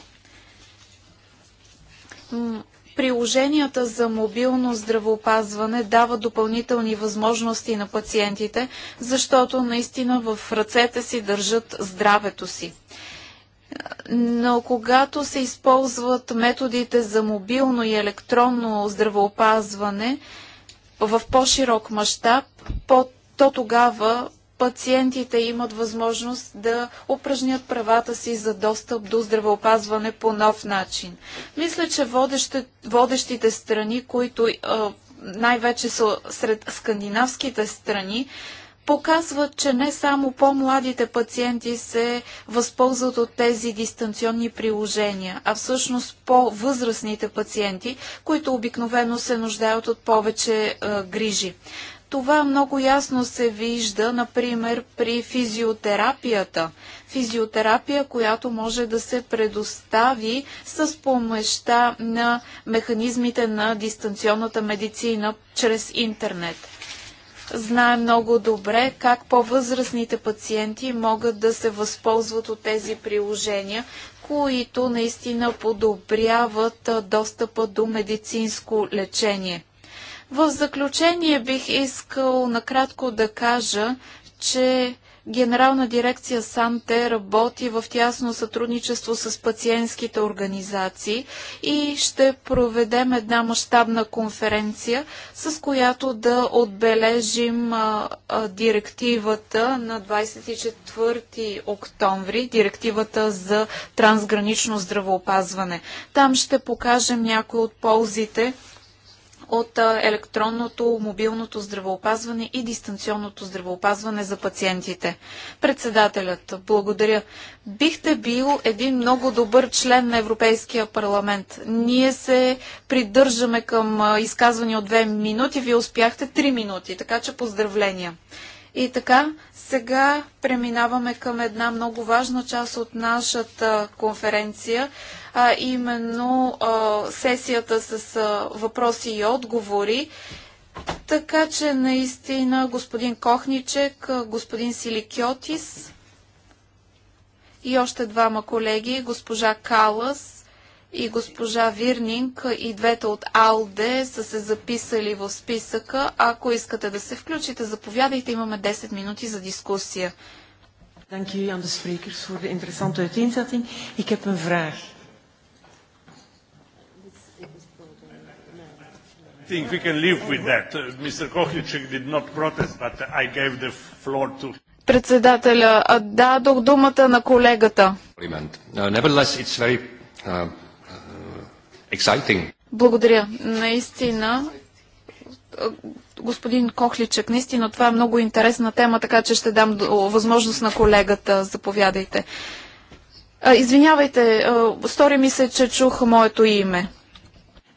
Приложенията за мобилно здравеопазване дават допълнителни възможности на пациентите, защото наистина в ръцете си държат здравето си. Но когато се използват методите за мобилно и електронно здравеопазване, в по-широк мащаб, по то тогава пациентите имат възможност да упражнят правата си за достъп до здравеопазване по нов начин. Мисля, че водещи, водещите страни, които най-вече са сред скандинавските страни, показват, че не само по-младите пациенти се възползват от тези дистанционни приложения, а всъщност по-възрастните пациенти, които обикновено се нуждаят от повече а, е, грижи. Това много ясно се вижда, например, при физиотерапията. Физиотерапия, която може да се предостави с помощта на механизмите на дистанционната медицина чрез интернет знае много добре как по-възрастните пациенти могат да се възползват от тези приложения, които наистина подобряват достъпа до медицинско лечение. В заключение бих искал накратко да кажа, че Генерална дирекция САНТЕ работи в тясно сътрудничество с пациентските организации и ще проведем една мащабна конференция, с която да отбележим а, а, директивата на 24 октомври, директивата за трансгранично здравоопазване. Там ще покажем някои от ползите, от електронното, мобилното здравеопазване и дистанционното здравеопазване за пациентите. Председателят, благодаря. Бихте бил един много добър член на Европейския парламент. Ние се придържаме към изказвания от две минути. Вие успяхте три минути, така че поздравления. И така, сега преминаваме към една много важна част от нашата конференция, а именно а, сесията с а, въпроси и отговори. Така че наистина господин Кохничек, господин Силикиотис и още двама колеги, госпожа Калас и госпожа Вирнинг и двете от АЛДЕ са се записали в списъка. Ако искате да се включите, заповядайте. Имаме 10 минути за дискусия. Dank jullie aan de sprekers voor de interessante uiteenzetting. Ik heb een vraag. I think we can live with that. Uh, Mr. Kohlicek did not protest, but I gave the floor to Председателя, дадох думата на колегата exciting. Благодаря. Наистина, господин Кохличек, наистина това е много интересна тема, така че ще дам възможност на колегата. Заповядайте. Извинявайте, стори ми се, че чух моето име.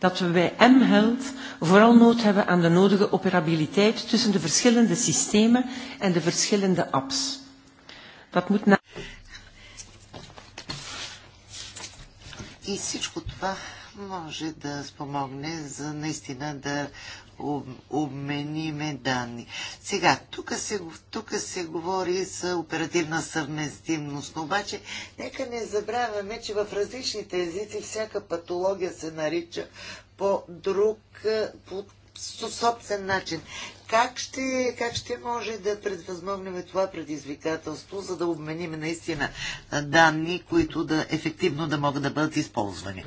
Dat we bij M-Health vooral nood hebben aan de nodige operabiliteit tussen de verschillende systemen en de verschillende apps. Dat moet na... И всичко това може да спомогне за наистина да обмениме данни. Сега, тук се, се говори за оперативна съвместимост, но обаче нека не забравяме, че в различните езици всяка патология се нарича по друг, по собствен начин как ще, как ще може да предвъзмогнем това предизвикателство, за да обменим наистина данни, които да ефективно да могат да бъдат използвани?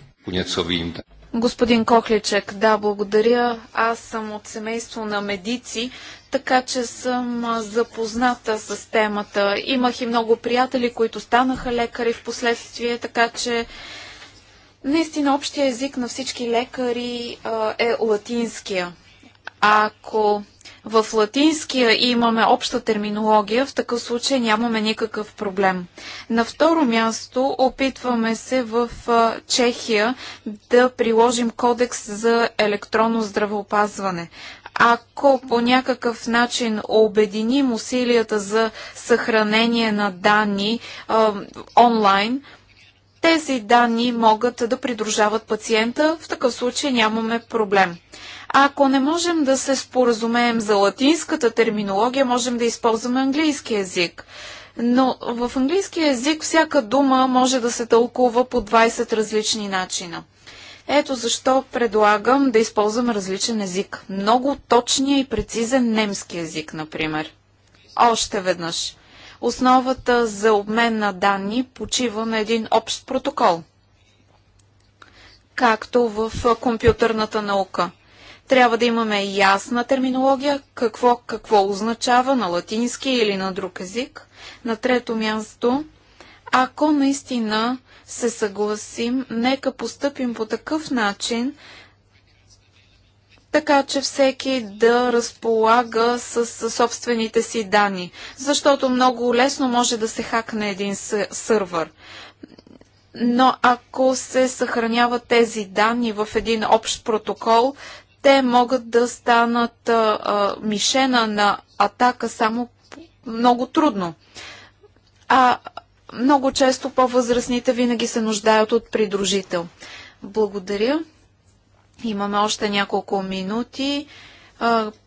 Господин Кохличек, да, благодаря. Аз съм от семейство на медици, така че съм запозната с темата. Имах и много приятели, които станаха лекари в последствие, така че наистина общия език на всички лекари а, е латинския. Ако в латинския имаме обща терминология, в такъв случай нямаме никакъв проблем. На второ място опитваме се в Чехия да приложим кодекс за електронно здравеопазване ако по някакъв начин обединим усилията за съхранение на данни е, онлайн, тези данни могат да придружават пациента. В такъв случай нямаме проблем. Ако не можем да се споразумеем за латинската терминология, можем да използваме английски язик. Но в английски язик всяка дума може да се тълкува по 20 различни начина. Ето защо предлагам да използвам различен език. Много точния и прецизен немски език, например. Още веднъж. Основата за обмен на данни почива на един общ протокол, както в компютърната наука – трябва да имаме ясна терминология, какво какво означава на латински или на друг език. На трето място, ако наистина се съгласим, нека постъпим по такъв начин, така че всеки да разполага с, с собствените си данни, защото много лесно може да се хакне един сървър. Но ако се съхраняват тези данни в един общ протокол, те могат да станат а, мишена на атака само много трудно. А много често по-възрастните винаги се нуждаят от придружител. Благодаря. Имаме още няколко минути.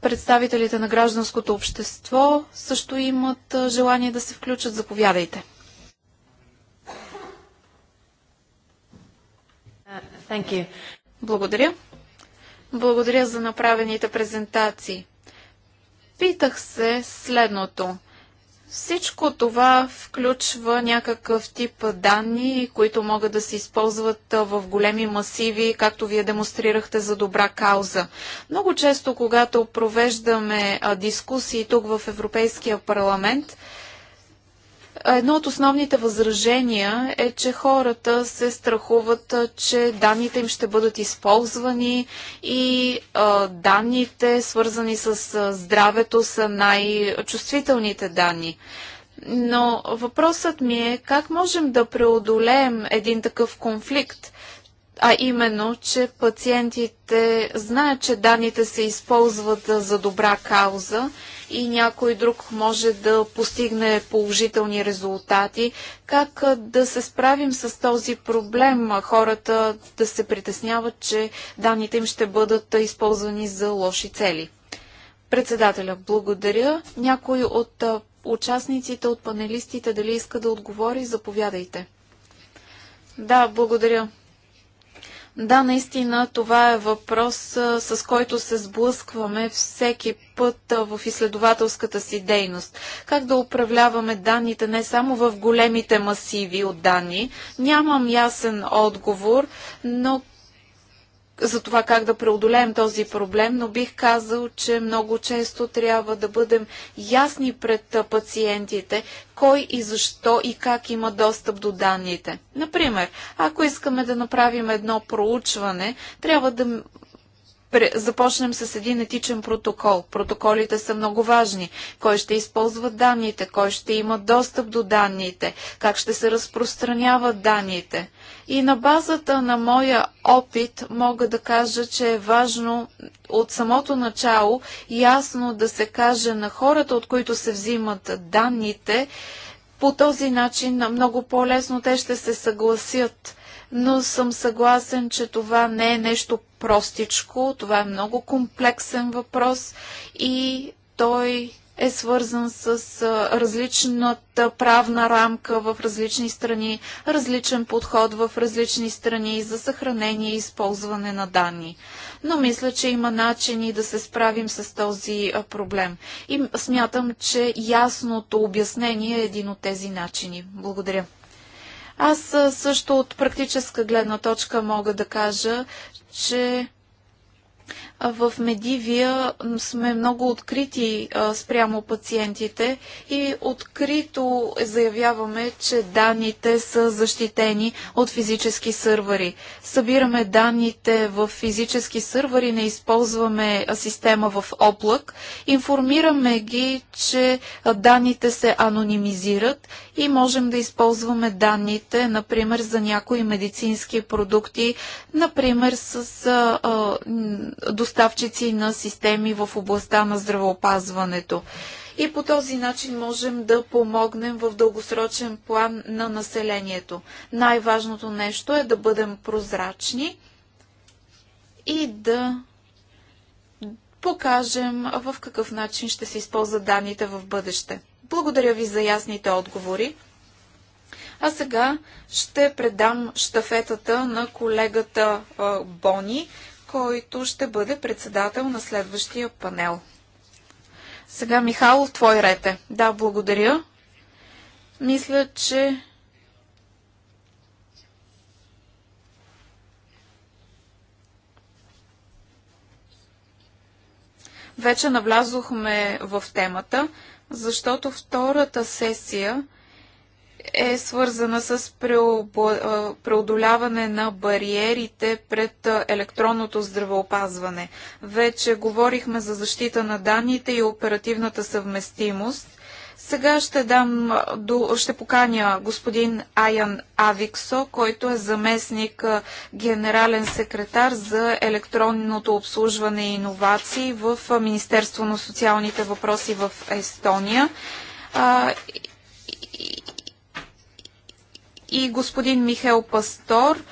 Представителите на гражданското общество също имат желание да се включат. Заповядайте. Благодаря. Благодаря за направените презентации. Питах се следното. Всичко това включва някакъв тип данни, които могат да се използват в големи масиви, както вие демонстрирахте за добра кауза. Много често, когато провеждаме дискусии тук в Европейския парламент, Едно от основните възражения е, че хората се страхуват, че данните им ще бъдат използвани и а, данните, свързани с здравето, са най-чувствителните данни. Но въпросът ми е как можем да преодолеем един такъв конфликт? а именно, че пациентите знаят, че данните се използват за добра кауза и някой друг може да постигне положителни резултати. Как да се справим с този проблем? Хората да се притесняват, че данните им ще бъдат използвани за лоши цели. Председателя, благодаря. Някой от участниците, от панелистите, дали иска да отговори, заповядайте. Да, благодаря. Да, наистина това е въпрос, с който се сблъскваме всеки път в изследователската си дейност. Как да управляваме данните не само в големите масиви от данни? Нямам ясен отговор, но за това как да преодолеем този проблем, но бих казал, че много често трябва да бъдем ясни пред пациентите, кой и защо и как има достъп до данните. Например, ако искаме да направим едно проучване, трябва да започнем с един етичен протокол. Протоколите са много важни. Кой ще използва данните, кой ще има достъп до данните, как ще се разпространяват данните. И на базата на моя опит мога да кажа, че е важно от самото начало ясно да се каже на хората, от които се взимат данните, по този начин много по-лесно те ще се съгласят. Но съм съгласен, че това не е нещо простичко, това е много комплексен въпрос и той е свързан с различната правна рамка в различни страни, различен подход в различни страни за съхранение и използване на данни. Но мисля, че има начини да се справим с този проблем. И смятам, че ясното обяснение е един от тези начини. Благодаря. Аз също от практическа гледна точка мога да кажа, че в Медивия сме много открити спрямо пациентите и открито заявяваме, че данните са защитени от физически сървъри. Събираме данните в физически сървъри, не използваме система в облак. Информираме ги, че данните се анонимизират и можем да използваме данните, например, за някои медицински продукти, например, с а, а, доставчици на системи в областта на здравеопазването. И по този начин можем да помогнем в дългосрочен план на населението. Най-важното нещо е да бъдем прозрачни и да покажем в какъв начин ще се използват данните в бъдеще. Благодаря ви за ясните отговори. А сега ще предам штафетата на колегата Бони, който ще бъде председател на следващия панел. Сега, в твой рете. Да, благодаря. Мисля, че вече навлязохме в темата, защото втората сесия е свързана с преодоляване на бариерите пред електронното здравеопазване. Вече говорихме за защита на данните и оперативната съвместимост. Сега ще, дам, ще поканя господин Аян Авиксо, който е заместник генерален секретар за електронното обслужване и иновации в Министерство на социалните въпроси в Естония и господин Михел Пастор.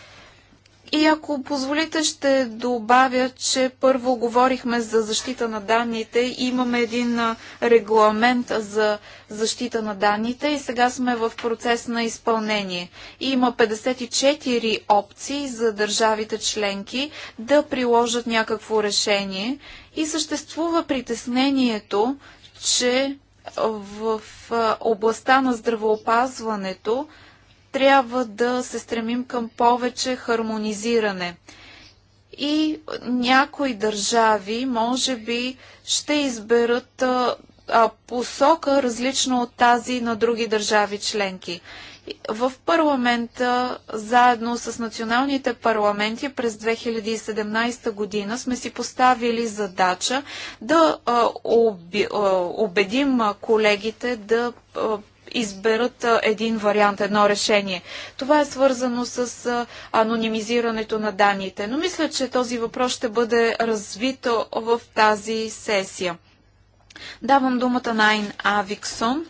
И ако позволите, ще добавя, че първо говорихме за защита на данните. Имаме един регламент за защита на данните и сега сме в процес на изпълнение. Има 54 опции за държавите членки да приложат някакво решение и съществува притеснението, че в областта на здравеопазването трябва да се стремим към повече хармонизиране. И някои държави, може би, ще изберат а, посока различна от тази на други държави членки. В парламента, заедно с националните парламенти през 2017 година сме си поставили задача да а, уби, а, убедим колегите да изберат един вариант, едно решение. Това е свързано с анонимизирането на данните. Но мисля, че този въпрос ще бъде развит в тази сесия. Давам думата на Айн Авиксон,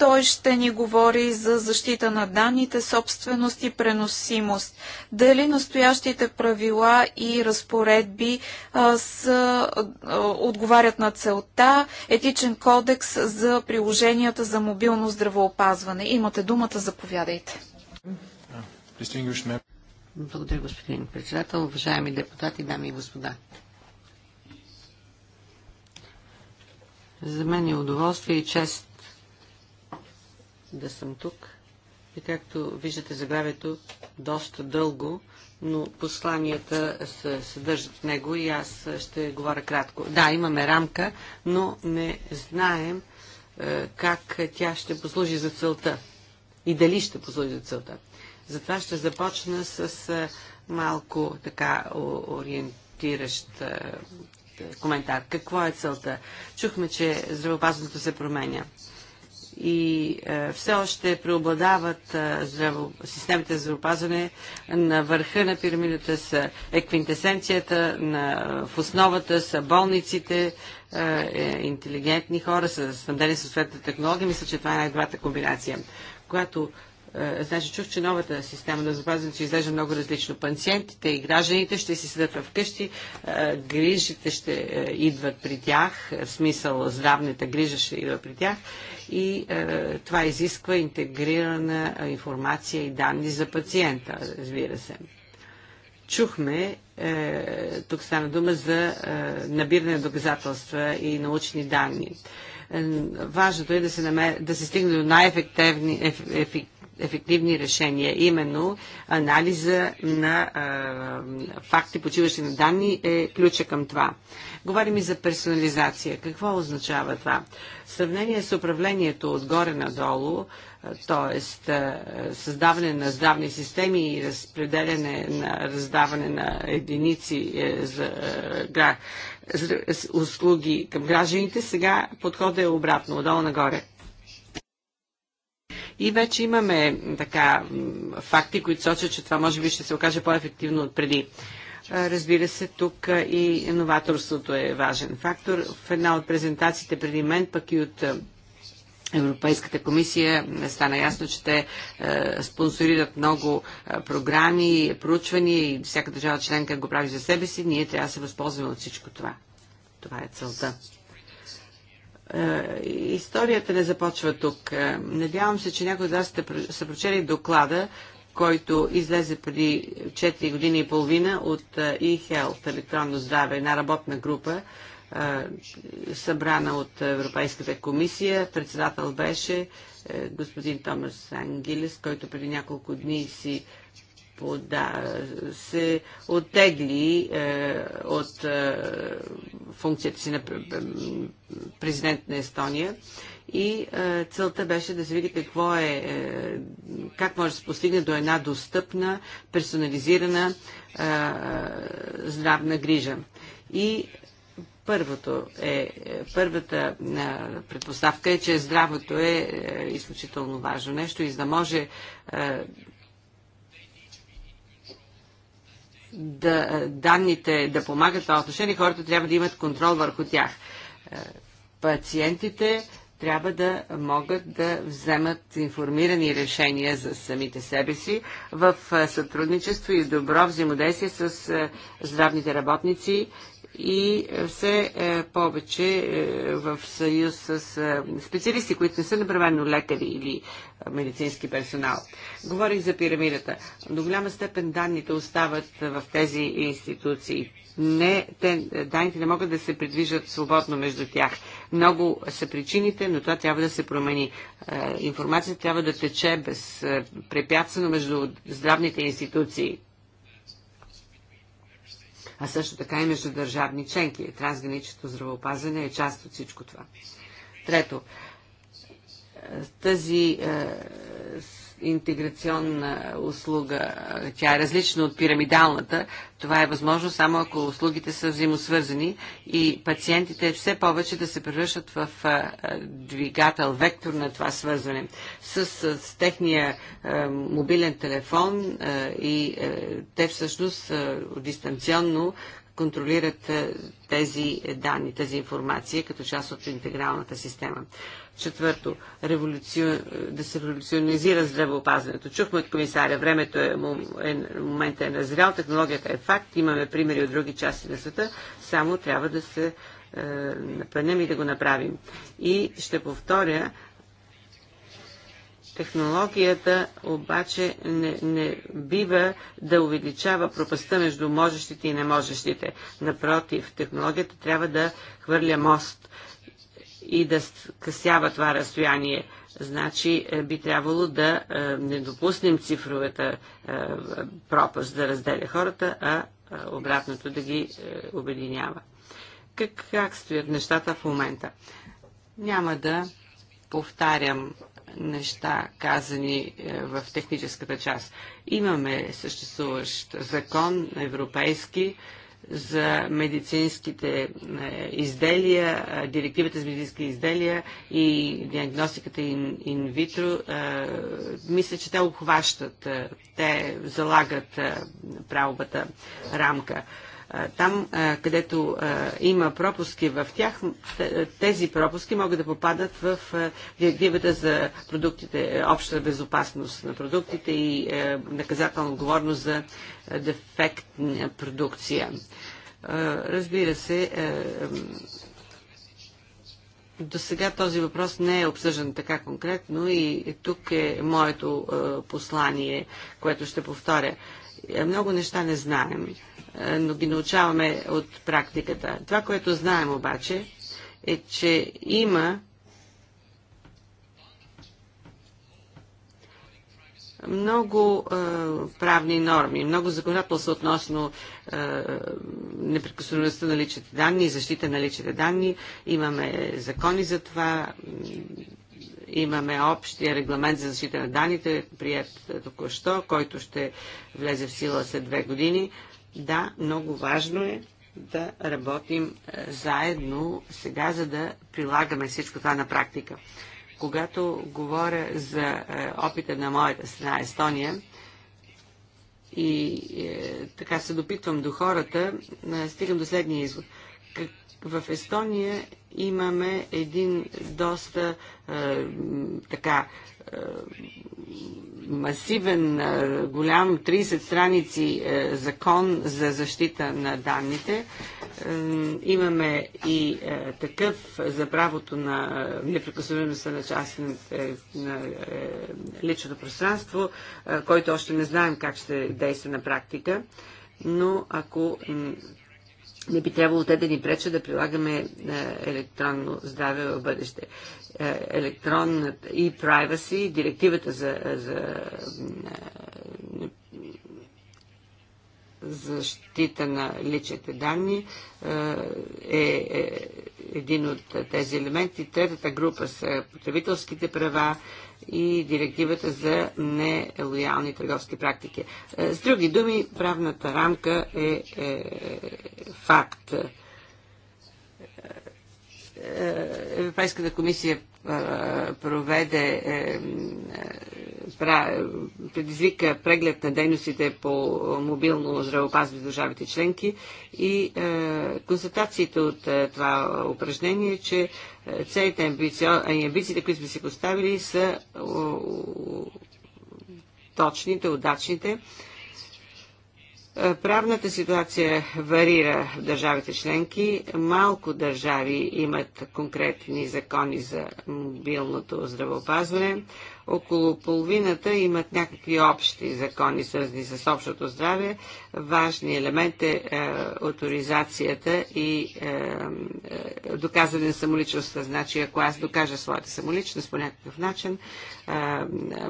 той ще ни говори за защита на данните, собственост и преносимост. Дали настоящите правила и разпоредби а, са, а, отговарят на целта, етичен кодекс за приложенията за мобилно здравоопазване. Имате думата, заповядайте. Благодаря, господин председател. Уважаеми депутати, дами и господа. За мен е удоволствие и чест да съм тук. И както виждате заглавието, доста дълго, но посланията се съдържат в него и аз ще говоря кратко. Да, имаме рамка, но не знаем е, как тя ще послужи за целта и дали ще послужи за целта. Затова ще започна с е, малко така ориентиращ е, коментар. Какво е целта? Чухме, че здравеопазването се променя и а, е, все още преобладават а, е, здраво, системите за здравеопазване на върха на пирамидата са еквинтесенцията, на, е, в основата са болниците, е, интелигентни хора, са снабдени със съответната технология. Мисля, че това е най-добрата комбинация. Когато е, значи чух, че новата система на запазване ще изглежда много различно. Пациентите и гражданите ще си седат вкъщи, е, грижите ще е, идват при тях, в смисъл здравната грижа ще идва при тях и това изисква интегрирана информация и данни за пациента, разбира се чухме, е, тук стана дума за е, набиране на доказателства и научни данни. Е, важното е да се, намер... да се стигне до най-ефективни еф... еф ефективни решения. Именно анализа на а, факти, почиващи на данни, е ключа към това. Говорим и за персонализация. Какво означава това? В сравнение с управлението отгоре надолу, т.е. създаване на здравни системи и разпределяне на раздаване на единици е, за е, услуги към гражданите, сега подходът е обратно, отдолу нагоре. И вече имаме така факти, които сочат, че това може би ще се окаже по-ефективно от преди. Разбира се, тук и новаторството е важен фактор. В една от презентациите преди мен, пък и от Европейската комисия стана ясно, че те е, спонсорират много е, програми, проучвания и всяка държава членка го прави за себе си. Ние трябва да се възползваме от всичко това. Това е целта. Е, историята не започва тук. Е, надявам се, че някои от вас са прочели доклада, който излезе преди 4 години и половина от е, eHealth, електронно здраве, една работна група, събрана от Европейската комисия. Председател беше господин Томас Ангелес, който преди няколко дни си да, се оттегли е, от е, функцията си на президент на Естония и е, целта беше да се види какво е, е, как може да се постигне до една достъпна, персонализирана е, е здравна грижа. И първото е, е първата е, предпоставка е, че здравото е изключително важно нещо и за да може да, е, данните да помагат това отношение, хората трябва да имат контрол върху тях. Е, пациентите трябва да могат да вземат информирани решения за самите себе си в е, сътрудничество и добро взаимодействие с здравните работници и все е, повече е, в съюз с е, специалисти, които не са непременно лекари или медицински персонал. Говорих за пирамидата. До голяма степен данните остават в тези институции. Не, те, данните не могат да се придвижат свободно между тях. Много са причините, но това трябва да се промени. Информацията трябва да тече безпрепятствено между здравните институции а също така и между държавни членки. Трансграничното здравеопазване е част от всичко това. Трето, е, тази е, интеграционна услуга. Тя е различна от пирамидалната. Това е възможно само ако услугите са взаимосвързани и пациентите е все повече да се превръщат в двигател, вектор на това свързване. С, с, техния мобилен телефон и те всъщност дистанционно контролират тези данни, тази информация като част от интегралната система. Четвърто, революцион... да се революционизира здравеопазването. Чухме от комисаря, времето е, е, момента е назрял, технологията е факт, имаме примери от други части на света, само трябва да се е, напънем и да го направим. И ще повторя, Технологията обаче не, не бива да увеличава пропаста между можещите и неможещите. Напротив, технологията трябва да хвърля мост и да скъсява това разстояние. Значи е, би трябвало да е, не допуснем цифровата е, пропаст да разделя хората, а обратното да ги обединява. Как, как стоят нещата в момента? Няма да повтарям неща казани е, в техническата част. Имаме съществуващ закон европейски за медицинските е, изделия, е, директивата за медицински изделия и диагностиката ин, инвитро. Мисля, че те обхващат, те залагат правовата рамка. Там, където има пропуски в тях, тези пропуски могат да попадат в директивата за продуктите, обща безопасност на продуктите и наказателна отговорност за дефектна продукция. Разбира се, до сега този въпрос не е обсъждан така конкретно и тук е моето послание, което ще повторя. Много неща не знаем е, но ги научаваме от практиката. Това, което знаем обаче, е, че има много е, правни норми, много законодателство относно е, неприкосновеността на личните данни, защита на личните данни. Имаме закони за това, имаме общия регламент за защита на данните, прият току-що, който ще влезе в сила след две години. Да, много важно е да работим е, заедно сега, за да прилагаме всичко това на практика. Когато говоря за е, опита на моята страна Естония, и е, така се допитвам до хората, е, стигам до следния извод. Как, в Естония имаме един доста е, така е, масивен, е, голям 30 страници е, закон за защита на данните. Е, имаме и е, такъв за правото на е, неприкосновеността на частен, е, на е, личното пространство, е, който още не знаем как ще действа на практика. Но ако не би трябвало те да ни пречат да прилагаме е, електронно здраве в бъдеще. Е, електронната и privacy, директивата за, за е, защита на личните данни е един от тези елементи. Третата група са потребителските права, и директивата за нелоялни търговски практики. Е, с други думи, правната рамка е, е факт. Е, Европейската комисия е, проведе предизвика преглед на дейностите по мобилно здравеопазване в държавите членки и е, констатациите от е, това упражнение, че е, целите и амбициите, които сме си поставили, са точните, удачните. Правната ситуация варира в държавите членки. Малко държави имат конкретни закони за мобилното здравеопазване около половината имат някакви общи закони, свързани с общото здраве. Важни елемент е, е, авторизацията и е, е, доказане на самоличността. Значи, ако аз докажа своята самоличност по някакъв начин, е,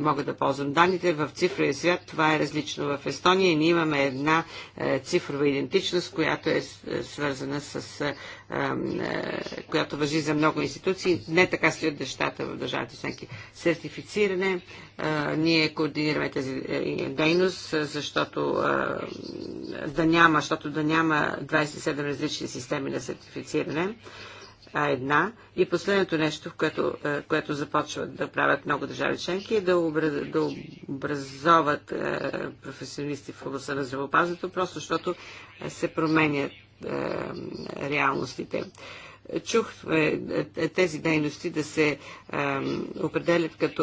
мога да ползвам данните. В цифровия свят това е различно. В Естония ние имаме една е, цифрова идентичност, която е, е свързана с е, е, която въжи за много институции. Не така стоят нещата в държавите членки. Сертифициране. Ние координираме тази е, дейност, защото да няма, защото да няма 27 различни системи на сертифициране а1. И последното нещо, в което, е, което започват да правят много държави членки, е да, образ, да образоват е, професионалисти в областта на здравеопазването, просто защото се променят е, реалностите. Чухме е, тези дейности да се определят като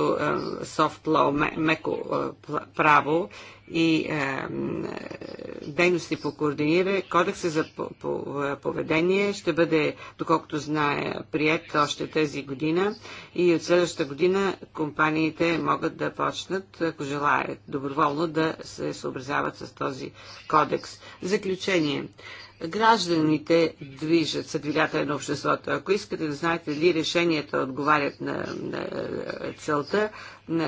soft law, меко право и дейности по координиране. Кодексът за поведение ще бъде, доколкото знае, прият още тези година и от следващата година компаниите могат да почнат, ако желаят, доброволно да се съобразяват с този кодекс. Заключение гражданите движат са на обществото. Ако искате да знаете дали решенията отговарят на, на е, целта,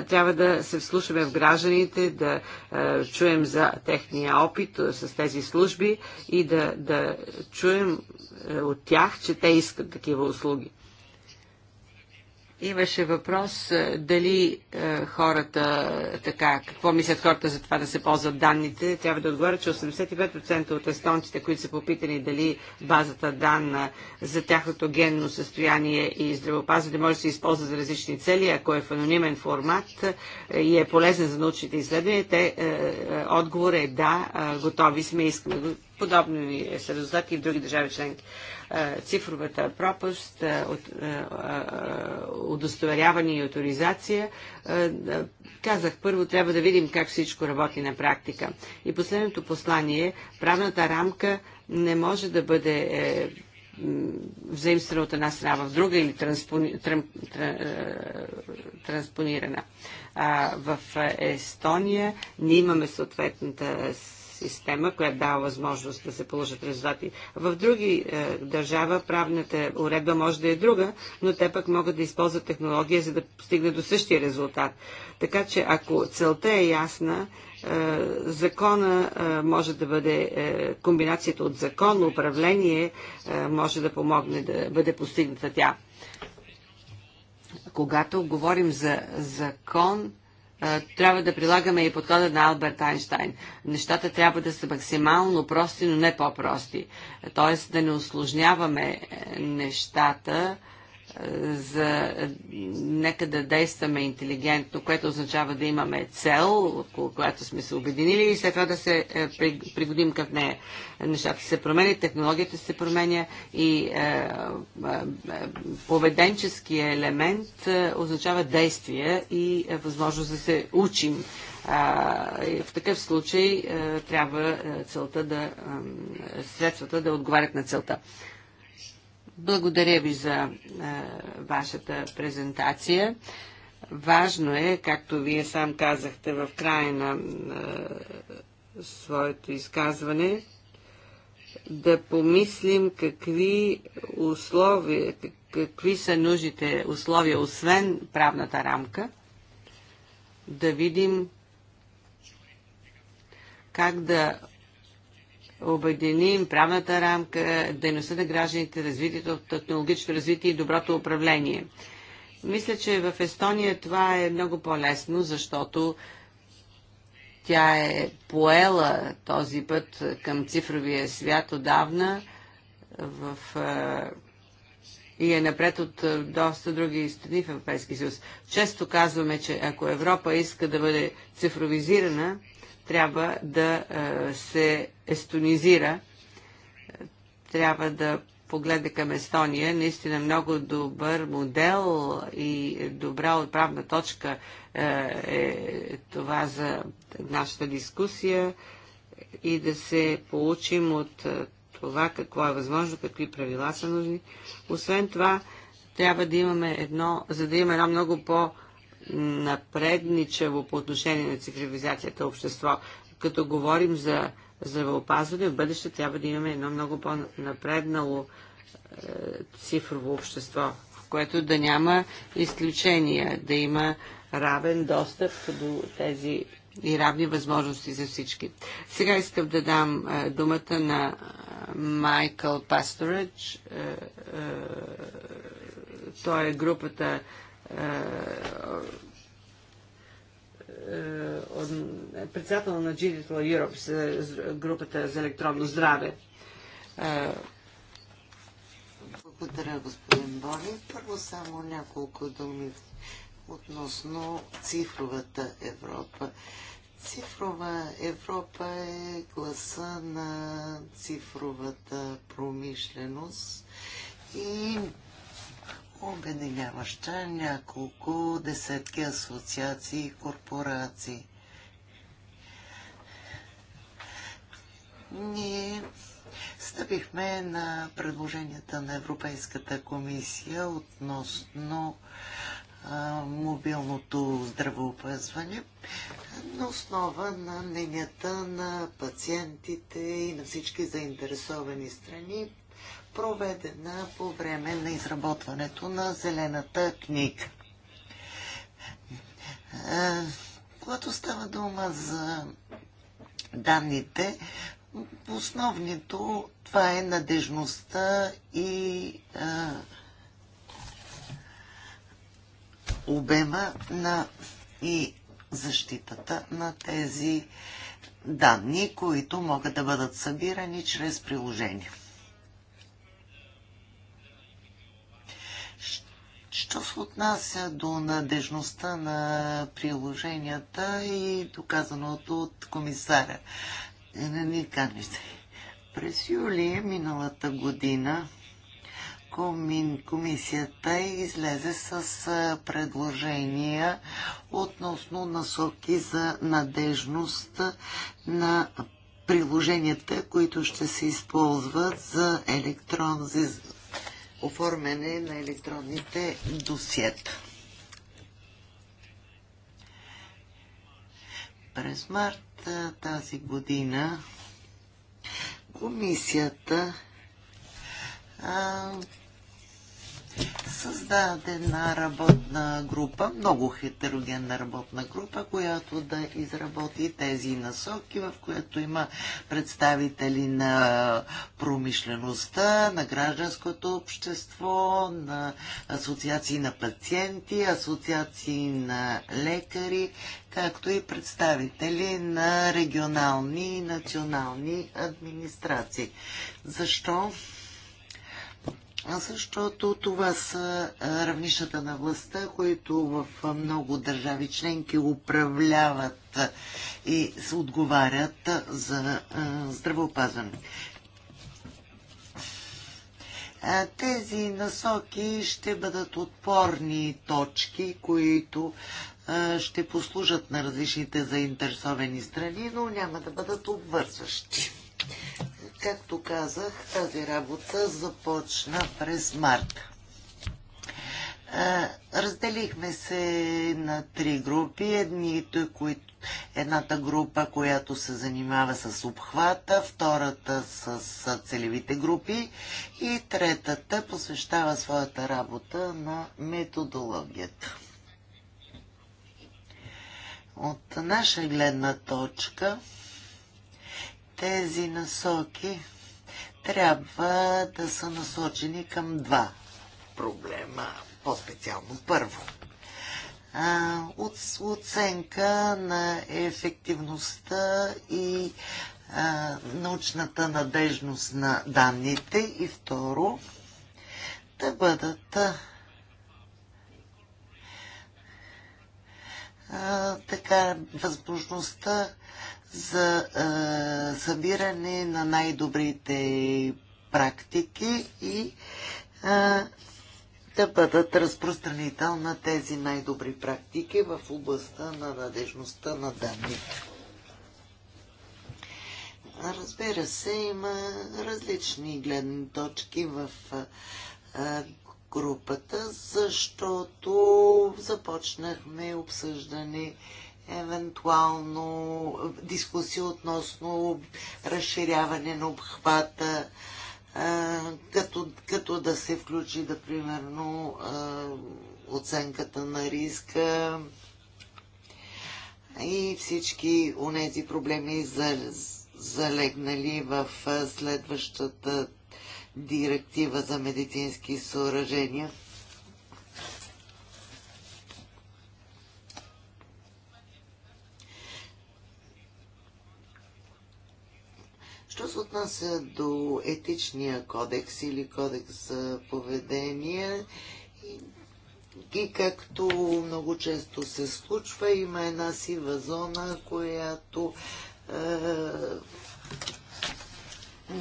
трябва да се вслушаме в гражданите, да е, чуем за техния опит е, с тези служби и да, да чуем е, от тях, че те искат такива услуги. Имаше въпрос дали хората, така, какво мислят хората за това да се ползват данните. Трябва да отговоря, че 85% от естонците, които са попитани дали базата данна за тяхното генно състояние и здравеопазване може да се използва за различни цели, ако е в анонимен формат и е полезен за научните изследвания, те, отговор е да, готови сме, искаме. Подобни са резултати и в други държави членки цифровата пропаст, удостоверяване и авторизация. Казах, първо трябва да видим как всичко работи на практика. И последното послание, правната рамка не може да бъде е, взаимствена от една страна в друга или е, транспонирана. А в е, Естония ние имаме съответната система, която дава възможност да се получат резултати. В други е, държава правната уредба може да е друга, но те пък могат да използват технология, за да стигне до същия резултат. Така че ако целта е ясна, е, закона е, може да бъде е, комбинацията от закон, управление е, може да помогне да бъде постигната тя. Когато говорим за закон, трябва да прилагаме и подхода на Алберт Айнштайн. Нещата трябва да са максимално прости, но не по-прости. Тоест да не осложняваме е, нещата, за нека да действаме интелигентно, което означава да имаме цел, около която сме се обединили и след това да се е, пригодим към нея. Нещата се променят, технологията се променя и е, е, поведенческия елемент означава действия и възможност да се учим. в такъв случай трябва целта да, средствата да отговарят на целта. Благодаря ви за а, е, вашата презентация. Важно е, както вие сам казахте в края на а, е, своето изказване, да помислим какви условия, какви са нужните условия, освен правната рамка, да видим как да обединим правната рамка, дейността на гражданите, развитието, технологичното развитие и доброто управление. Мисля, че в Естония това е много по-лесно, защото тя е поела този път към цифровия свят отдавна в, е, и е напред от доста други страни в Европейския съюз. Често казваме, че ако Европа иска да бъде цифровизирана, трябва да е, се естонизира, трябва да погледне към Естония. Наистина много добър модел и добра отправна точка е, е това за нашата дискусия и да се получим от е, това какво е възможно, какви правила са нужни. Освен това, трябва да имаме едно, за да има едно много по- напредничаво по отношение на цифровизацията общество. Като говорим за здравеопазване, в бъдеще трябва да имаме едно много по-напреднало е, цифрово общество, в което да няма изключения, да има равен достъп до тези и равни възможности за всички. Сега искам да дам е, думата на е, Майкъл Пасторич. Е, е, той е групата е, е, е, председател на Digital Europe, групата за електронно здраве. Благодаря, господин Бони. Първо само няколко думи относно цифровата Европа. Цифрова Европа е гласа на цифровата промишленост и обединяваща няколко десетки асоциации и корпорации. Ние стъпихме на предложенията на Европейската комисия относно а, мобилното здравеопазване на основа на мненията на пациентите и на всички заинтересовани страни проведена по време на изработването на Зелената книга. Когато става дума за данните, основнито това е надежността и обема на и защитата на тези данни, които могат да бъдат събирани чрез приложения. Що се отнася до надежността на приложенията и доказаното от комисаря? Е, не ни каните. През юли миналата година комисията излезе с предложения относно насоки за надежност на приложенията, които ще се използват за електрон, оформяне на електронните досиета. През март тази година комисията създаде една работна група, много хетерогенна работна група, която да изработи тези насоки, в която има представители на промишлеността, на гражданското общество, на асоциации на пациенти, асоциации на лекари, както и представители на регионални и национални администрации. Защо? защото това са равнищата на властта, които в много държави членки управляват и се отговарят за здравеопазване. Тези насоки ще бъдат отпорни точки, които ще послужат на различните заинтересовани страни, но няма да бъдат обвързващи. Както казах, тази работа започна през март. Разделихме се на три групи. Едните, които едната група, която се занимава с обхвата, втората с целевите групи и третата посвещава своята работа на методологията. От наша гледна точка тези насоки трябва да са насочени към два проблема. По-специално първо. А, от, оценка на ефективността и а, научната надежност на данните и второ да бъдат а, така възможността за е, събиране на най-добрите практики и е, да бъдат разпространител на тези най-добри практики в областта на надежността на данните. Разбира се, има различни гледни точки в а, е, групата, защото започнахме обсъждане евентуално дискусия относно разширяване на обхвата, като, като да се включи, да примерно, оценката на риска и всички онези проблеми залегнали в следващата директива за медицински съоръжения. се отнася до етичния кодекс или кодекс за поведение, и, и както много често се случва, има една сива зона, която е,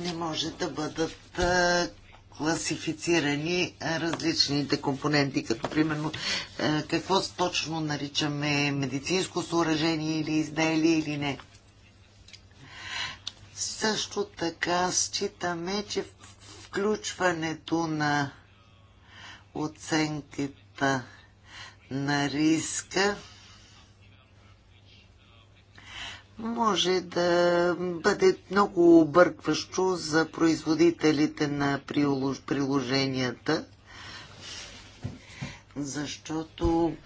не може да бъдат е, класифицирани различните компоненти, като примерно е, какво точно наричаме медицинско съоръжение или изделие или не. Също така считаме, че включването на оценката на риска може да бъде много объркващо за производителите на приложенията, защото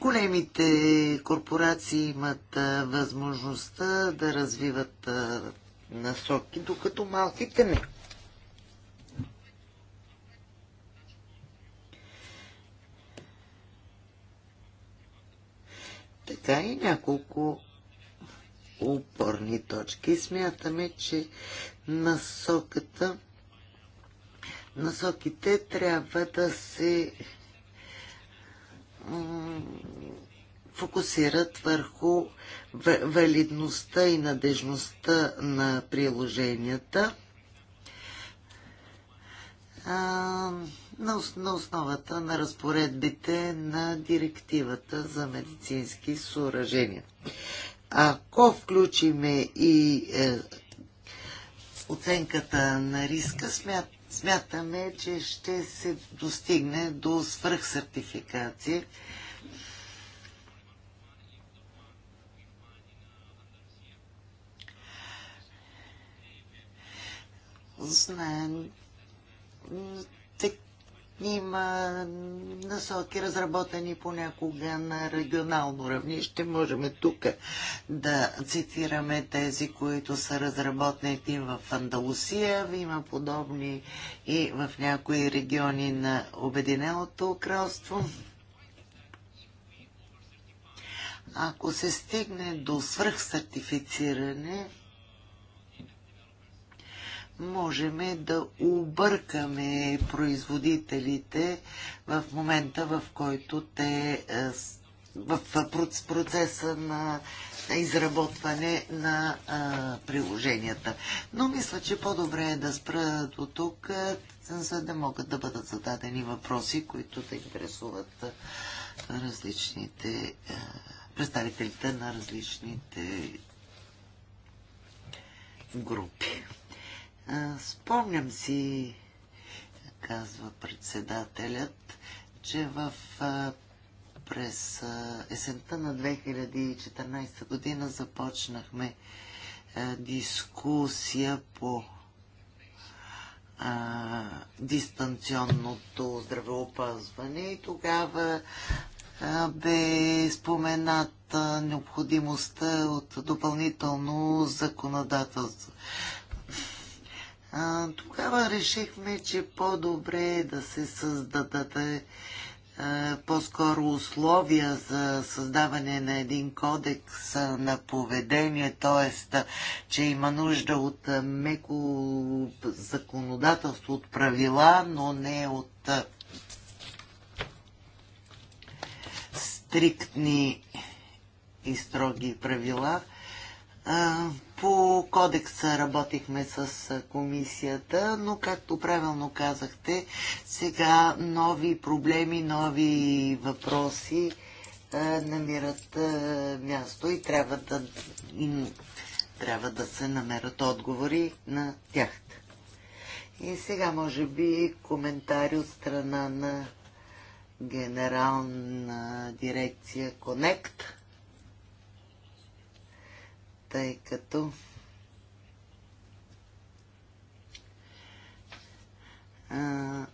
Големите корпорации имат възможността да развиват насоки, докато малките не. Така и няколко упорни точки. Смятаме, че насоката, насоките трябва да се фокусират върху валидността и надежността на приложенията на основата на разпоредбите на директивата за медицински съоръжения. Ако включиме и е, оценката на риска, смят, смятаме, че ще се достигне до свръхсертификация. Знаем, има насоки, разработени понякога на регионално равнище. Можем тук да цитираме тези, които са разработени в Андалусия. Има подобни и в някои региони на Обединеното кралство ако се стигне до свръхсертифициране, можем да объркаме производителите в момента, в който те е, в процеса на изработване на а, е, приложенията. Но мисля, че по-добре е да спра до тук, е, за да могат да бъдат зададени въпроси, които да интересуват различните а, представителите на различните групи. Спомням си, казва председателят, че в, през есента на 2014 година започнахме дискусия по а, дистанционното здравеопазване и тогава а, бе спомената необходимостта от допълнително законодателство. А, тогава решихме, че по-добре е да се създадат е, по-скоро условия за създаване на един кодекс на поведение, т.е. че има нужда от меко законодателство, от правила, но не от стриктни и строги правила. По кодекса работихме с комисията, но както правилно казахте, сега нови проблеми, нови въпроси намират място и трябва да, и, трябва да се намерят отговори на тях. И сега, може би, коментари от страна на генерална дирекция Конект тъй като а,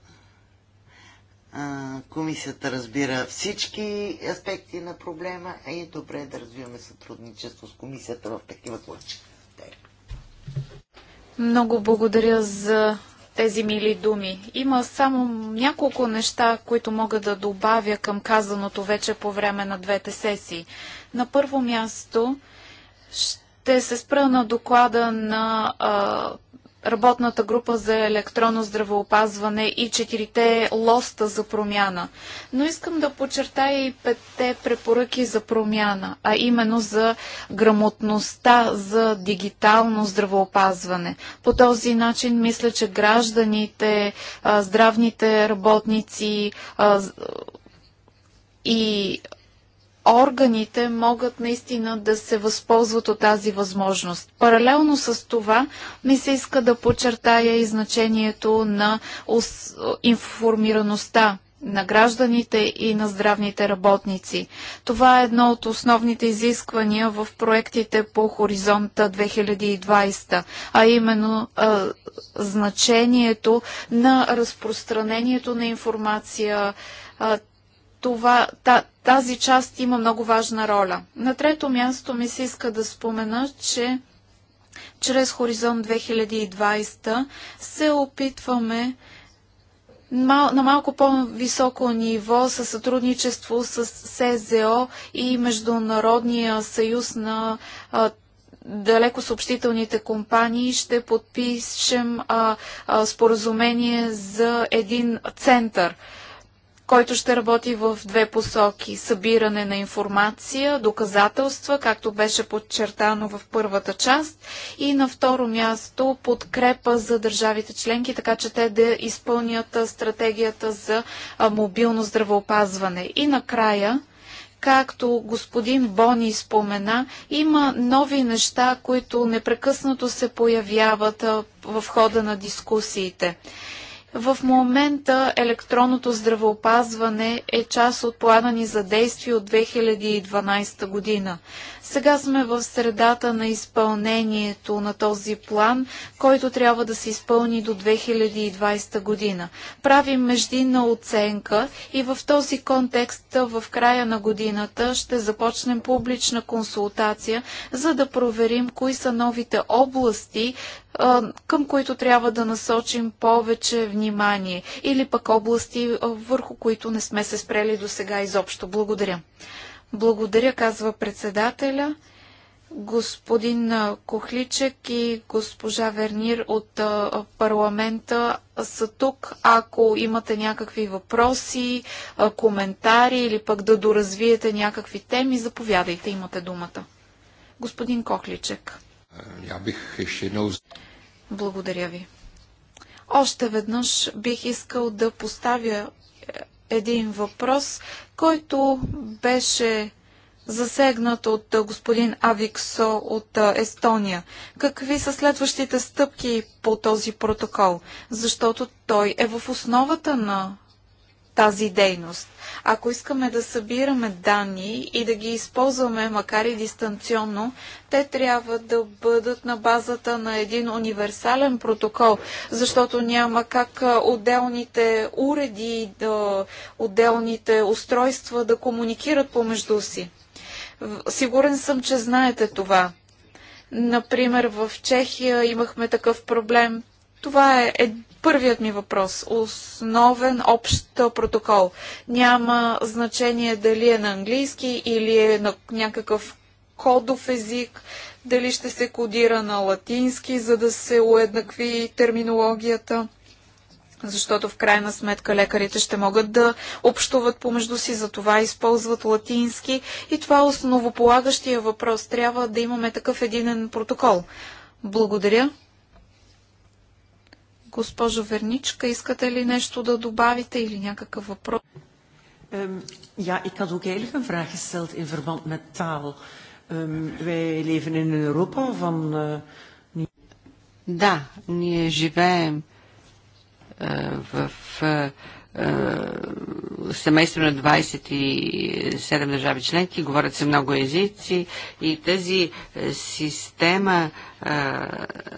а, комисията разбира всички аспекти на проблема и е добре да развиваме сътрудничество с комисията в такива случаи. Много благодаря за тези мили думи. Има само няколко неща, които мога да добавя към казаното вече по време на двете сесии. На първо място ще ще се спра на доклада на а, работната група за електронно здравеопазване и четирите лоста за промяна. Но искам да подчертая и петте препоръки за промяна, а именно за грамотността за дигитално здравеопазване. По този начин мисля, че гражданите, здравните работници и органите могат наистина да се възползват от тази възможност. Паралелно с това ми се иска да подчертая и значението на информираността на гражданите и на здравните работници. Това е едно от основните изисквания в проектите по Хоризонта 2020, а именно а, значението на разпространението на информация, а, това, тази част има много важна роля. На трето място ми се иска да спомена, че чрез Хоризонт 2020 се опитваме на малко по-високо ниво със сътрудничество с СЗО и Международния съюз на далеко съобщителните компании ще подпишем а, а, споразумение за един център който ще работи в две посоки. Събиране на информация, доказателства, както беше подчертано в първата част. И на второ място подкрепа за държавите членки, така че те да изпълнят стратегията за мобилно здравеопазване. И накрая както господин Бони спомена, има нови неща, които непрекъснато се появяват в хода на дискусиите. В момента електронното здравеопазване е част от плана ни за действие от 2012 година. Сега сме в средата на изпълнението на този план, който трябва да се изпълни до 2020 година. Правим междинна оценка и в този контекст в края на годината ще започнем публична консултация, за да проверим кои са новите области, към които трябва да насочим повече внимание или пък области, върху които не сме се спрели до сега изобщо. Благодаря. Благодаря, казва председателя. Господин Кохличек и госпожа Вернир от парламента са тук. Ако имате някакви въпроси, коментари или пък да доразвиете някакви теми, заповядайте, имате думата. Господин Кохличек. Я бих еще едно... Благодаря ви. Още веднъж бих искал да поставя е, един въпрос, който беше засегнат от е, господин Авиксо от е, Естония. Какви са следващите стъпки по този протокол? Защото той е в основата на тази дейност. Ако искаме да събираме данни и да ги използваме, макар и дистанционно, те трябва да бъдат на базата на един универсален протокол, защото няма как отделните уреди, да, отделните устройства да комуникират помежду си. Сигурен съм, че знаете това. Например, в Чехия имахме такъв проблем. Това е, е първият ми въпрос. Основен общ протокол. Няма значение дали е на английски или е на някакъв кодов език, дали ще се кодира на латински, за да се уеднакви терминологията защото в крайна сметка лекарите ще могат да общуват помежду си, за това използват латински и това е основополагащия въпрос. Трябва да имаме такъв единен протокол. Благодаря. Госпожо Верничка, искате ли нещо да добавите или някакъв въпрос? Um, ja, ik had ook eigenlijk een vraag gesteld in verband met taal. Um, wij leven in een Europa van... Uh... Да, ние живеем uh, в uh, е, семейство на 27 държави членки, говорят се много езици и тази е, система е,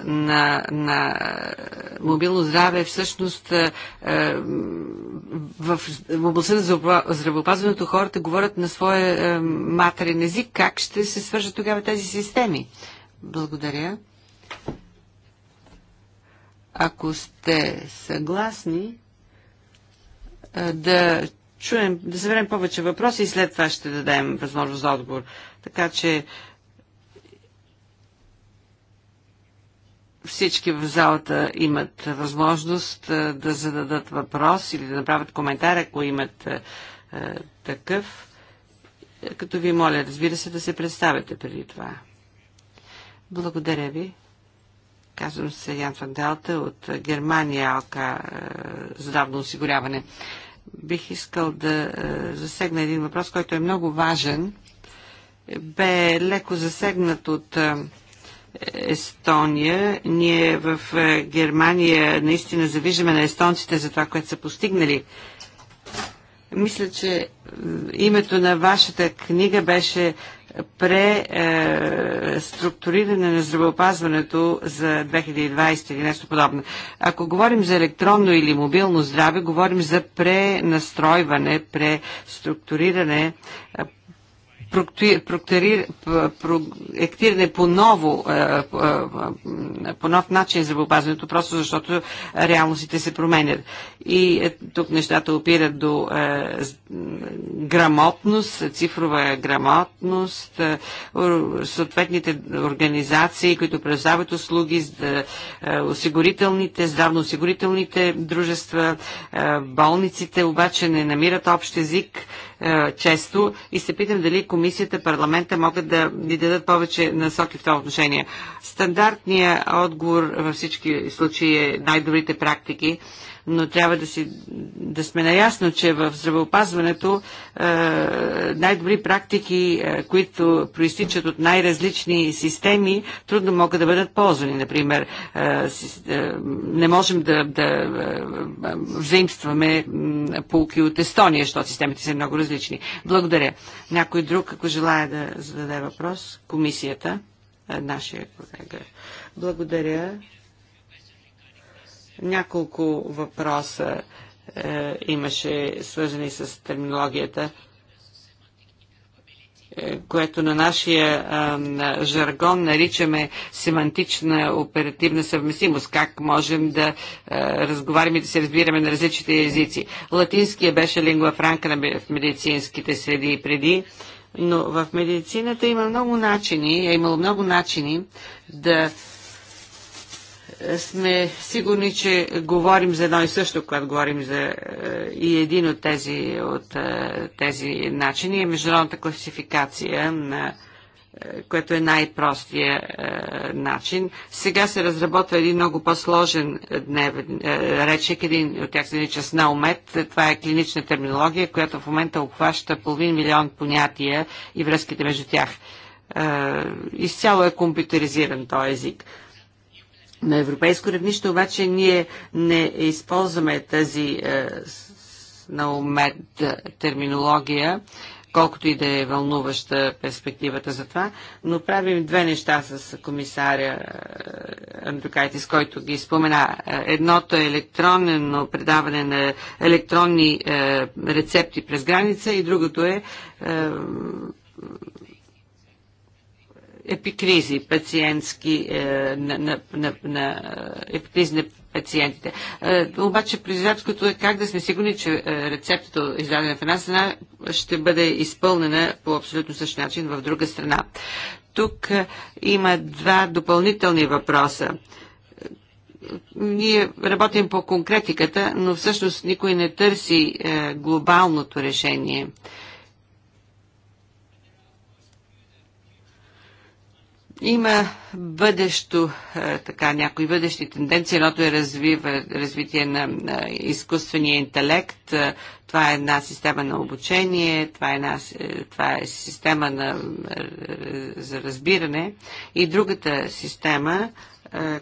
на, на мобилно здраве всъщност в, в областта на здравеопазването хората говорят на своя матерен език. Как ще се свържат тогава тези системи? Благодаря. Ако сте съгласни, да чуем, да съберем повече въпроси и след това ще дадем възможност за отговор. Така че всички в залата имат възможност да зададат въпрос или да направят коментар, ако имат такъв. Като ви моля, разбира се, да се представите преди това. Благодаря ви. Казвам се Ян Фанделта от Германия, АЛКА е, здравно осигуряване. Бих искал да е, засегна един въпрос, който е много важен. Бе леко засегнат от е, Естония. Ние в Германия наистина завиждаме на естонците за това, което са постигнали мисля, че е, името на вашата книга беше преструктуриране е, на здравеопазването за 2020 или нещо подобно. Ако говорим за електронно или мобилно здраве, говорим за пренастройване, преструктуриране, проектиране по ново, е, е, е, по нов начин за въпазването, просто защото реалностите се променят. И тук нещата опират до грамотност, цифрова грамотност, съответните организации, които предоставят услуги, осигурителните, здравноосигурителните дружества, болниците обаче не намират общ език е, често и се питам дали комисията, парламента могат да ни дадат повече насоки в това отношение. Стандартният отговор във всички случаи е най-добрите практики но трябва да, си, да сме наясно, че в здравеопазването е, най-добри практики, е, които проистичат от най-различни системи, трудно могат да бъдат ползвани. Например, е, е, не можем да, да е, взаимстваме полки от Естония, защото системите са много различни. Благодаря. Някой друг, ако желая да зададе въпрос, комисията, е, нашия колега. Благодаря. Няколко въпроса е, имаше свързани с терминологията, е, което на нашия е, жаргон наричаме семантична оперативна съвместимост. Как можем да е, разговаряме и да се разбираме на различните езици. Латинския беше лингва франка на, в медицинските среди преди. Но в медицината има много начини, е имало много начини да сме сигурни, че говорим за едно и също, когато говорим за е, и един от тези, от е, тези начини е международната класификация на е, което е най-простия начин. Сега се разработва един много по-сложен дневен речек, един от тях се нарича СНАУМЕТ. Това е клинична терминология, която в момента обхваща половин милион понятия и връзките между тях. изцяло е компютеризиран този език. На европейско равнище обаче ние не използваме тази е, наумет е, терминология, колкото и да е вълнуваща перспективата за това, но правим две неща с комисаря е, Андрюкайтис, който ги спомена. Е, едното е електронно предаване на електронни е, рецепти през граница и другото е, е епикризи пациентски, е, на, на, на, на е, епикризи на пациентите. Е, обаче предизвикателството е как да сме сигурни, че рецептата, издадена в една страна, ще бъде изпълнена по абсолютно същ начин в друга страна. Тук има два допълнителни въпроса ние работим по конкретиката, но всъщност никой не търси е, глобалното решение. Е, Има бъдещо, е, така някои бъдещи тенденции. Едното е развива, развитие на, изкуствения интелект. Е, това е една система на обучение, това е, една, е, това е система на, за разбиране. И другата система,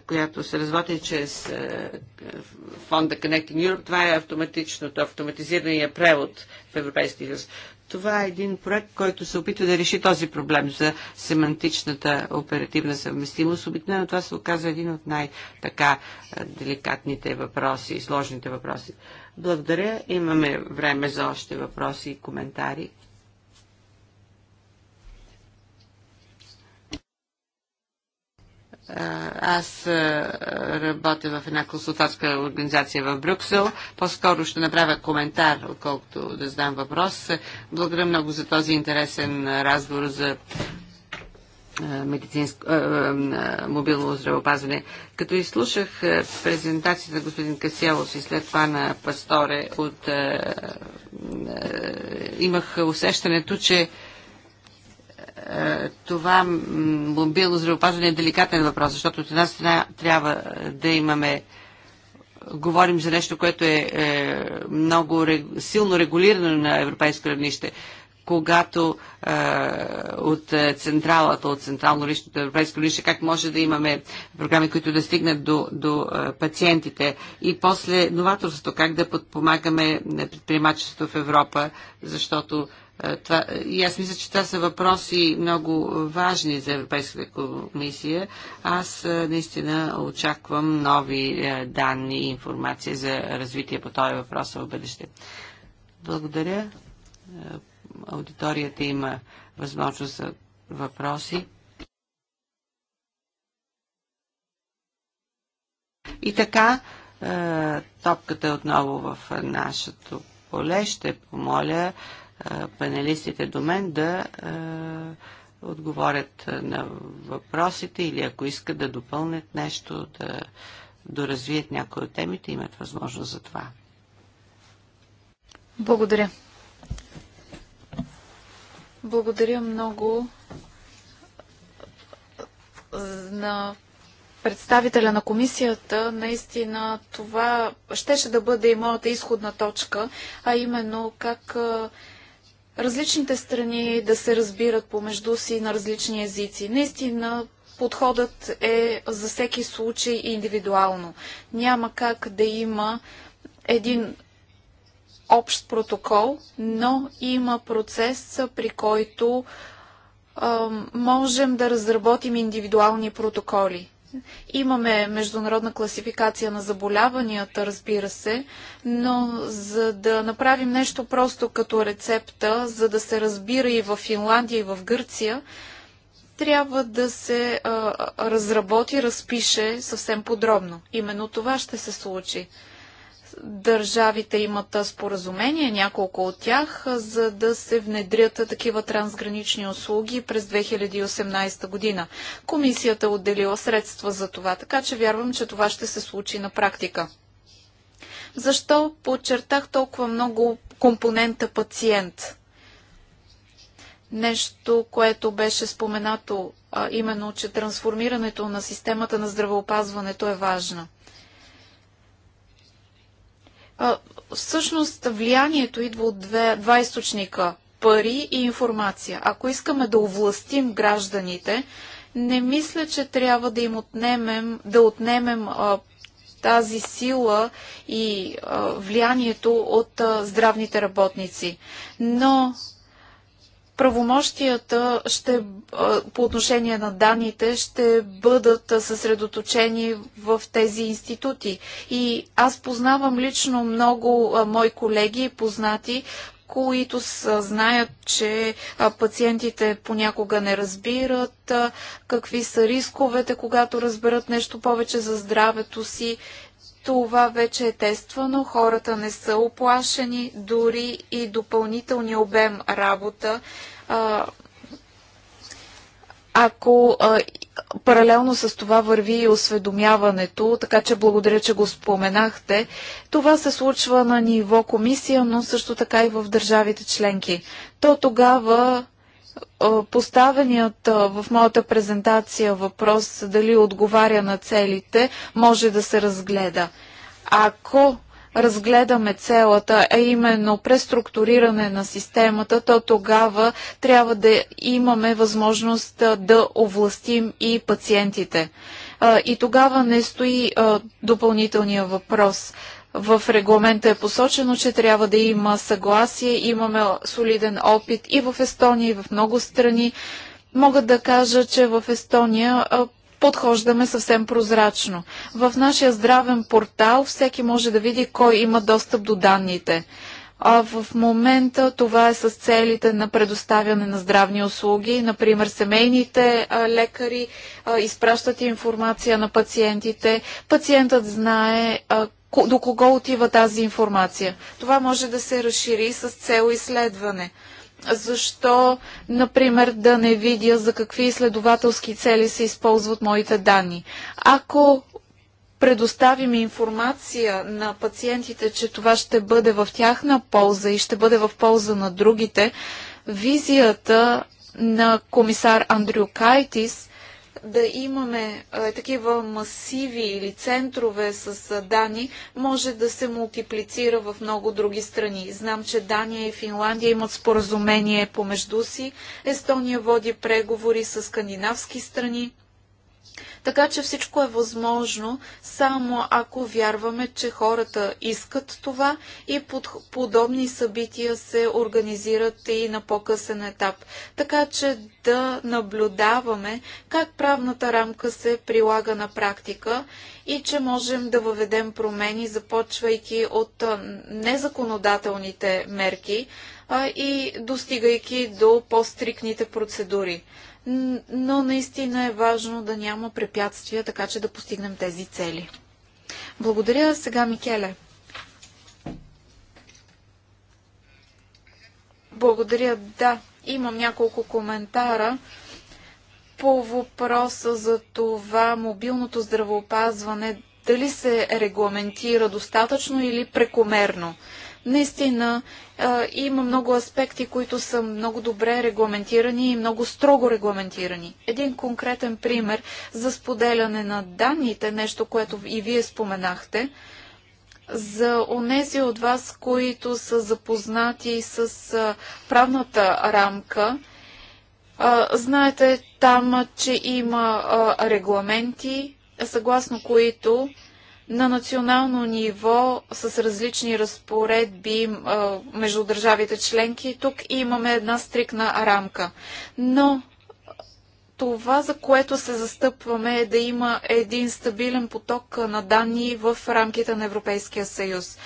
която се разводи чрез фонда Connecting Europe, това е автоматичното, автоматизирания превод в Европейския съюз. Това е един проект, който се опитва да реши този проблем за семантичната оперативна съвместимост. Обикновено това се оказва един от най-така деликатните въпроси и сложните въпроси. Благодаря. Имаме време за още въпроси и коментари. Аз работя в една консултантска организация в Брюксел. По-скоро ще направя коментар, отколкото да задам въпрос. Благодаря много за този интересен разговор за медицинско, мобилно здравеопазване. Като изслушах презентацията на господин Касиелос и след това на Пасторе, от, имах усещането, че това мобилно здравеопазване е деликатен въпрос, защото от една страна трябва да имаме говорим за нещо, което е, е много силно регулирано на европейско равнище когато е, от е, централата, от централно личното европейско равнище, как може да имаме програми, които да стигнат до, до е, пациентите и после новаторството, как да подпомагаме е, предприемачеството в Европа, защото е, това, и аз мисля, че това са въпроси много важни за Европейската комисия. Аз е, наистина очаквам нови е, данни и информация за развитие по този въпрос в бъдеще. Благодаря. Аудиторията има възможност за въпроси. И така, топката е отново в нашето поле. Ще помоля панелистите до мен да отговорят на въпросите или ако искат да допълнят нещо, да доразвият някои от темите, имат възможност за това. Благодаря. Благодаря много на представителя на комисията, наистина това щеше да бъде и моята изходна точка, а именно как различните страни да се разбират помежду си на различни езици. Наистина, подходът е за всеки случай индивидуално. Няма как да има един общ протокол, но има процес, при който можем да разработим индивидуални протоколи. Имаме международна класификация на заболяванията, разбира се, но за да направим нещо просто като рецепта, за да се разбира и в Финландия, и в Гърция, трябва да се а, разработи, разпише съвсем подробно. Именно това ще се случи. Държавите имат споразумение, няколко от тях, за да се внедрят такива трансгранични услуги през 2018 година. Комисията отделила средства за това, така че вярвам, че това ще се случи на практика. Защо подчертах толкова много компонента пациент? Нещо, което беше споменато, а именно, че трансформирането на системата на здравеопазването е важна всъщност влиянието идва от две, два източника пари и информация. Ако искаме да овластим гражданите, не мисля, че трябва да им отнемем, да отнемем а, тази сила и а, влиянието от а, здравните работници. Но правомощията ще, по отношение на данните ще бъдат съсредоточени в тези институти. И аз познавам лично много мои колеги и познати, които знаят, че пациентите понякога не разбират какви са рисковете, когато разберат нещо повече за здравето си това вече е тествано, хората не са оплашени, дори и допълнителния обем работа. А, ако а, паралелно с това върви и осведомяването, така че благодаря, че го споменахте. Това се случва на ниво комисия, но също така и в държавите членки. То тогава е, Поставеният е, в моята презентация въпрос дали отговаря на целите, може да се разгледа. Ако разгледаме целата, а именно преструктуриране на системата, то тогава трябва да имаме възможност е, да овластим и пациентите. И тогава не стои допълнителния въпрос в регламента е посочено, че трябва да има съгласие. Имаме солиден опит и в Естония, и в много страни. Мога да кажа, че в Естония подхождаме съвсем прозрачно. В нашия здравен портал всеки може да види кой има достъп до данните. А в момента това е с целите на предоставяне на здравни услуги. Например, семейните а, лекари а, изпращат информация на пациентите. Пациентът знае а, до кого отива тази информация. Това може да се разшири с цел изследване. Защо, например, да не видя за какви изследователски цели се използват моите данни? Ако предоставим информация на пациентите, че това ще бъде в тяхна полза и ще бъде в полза на другите, визията на комисар Андрю Кайтис да имаме е, такива масиви или центрове с е, данни, може да се мултиплицира в много други страни. Знам, че Дания и Финландия имат споразумение помежду си. Естония води преговори с скандинавски страни. Така че всичко е възможно, само ако вярваме, че хората искат това и под, подобни събития се организират и на по-късен етап. Така че да наблюдаваме как правната рамка се прилага на практика и че можем да въведем промени, започвайки от незаконодателните мерки а и достигайки до по-стрикните процедури но наистина е важно да няма препятствия, така че да постигнем тези цели. Благодаря сега, Микеле. Благодаря, да. Имам няколко коментара по въпроса за това мобилното здравеопазване дали се регламентира достатъчно или прекомерно. Наистина а, има много аспекти, които са много добре регламентирани и много строго регламентирани. Един конкретен пример за споделяне на данните, нещо, което и вие споменахте, за онези от вас, които са запознати с а, правната рамка, а, знаете там, че има регламенти, съгласно които на национално ниво с различни разпоредби между държавите членки. Тук имаме една стрикна рамка. Но това, за което се застъпваме е да има един стабилен поток на данни в рамките на Европейския съюз.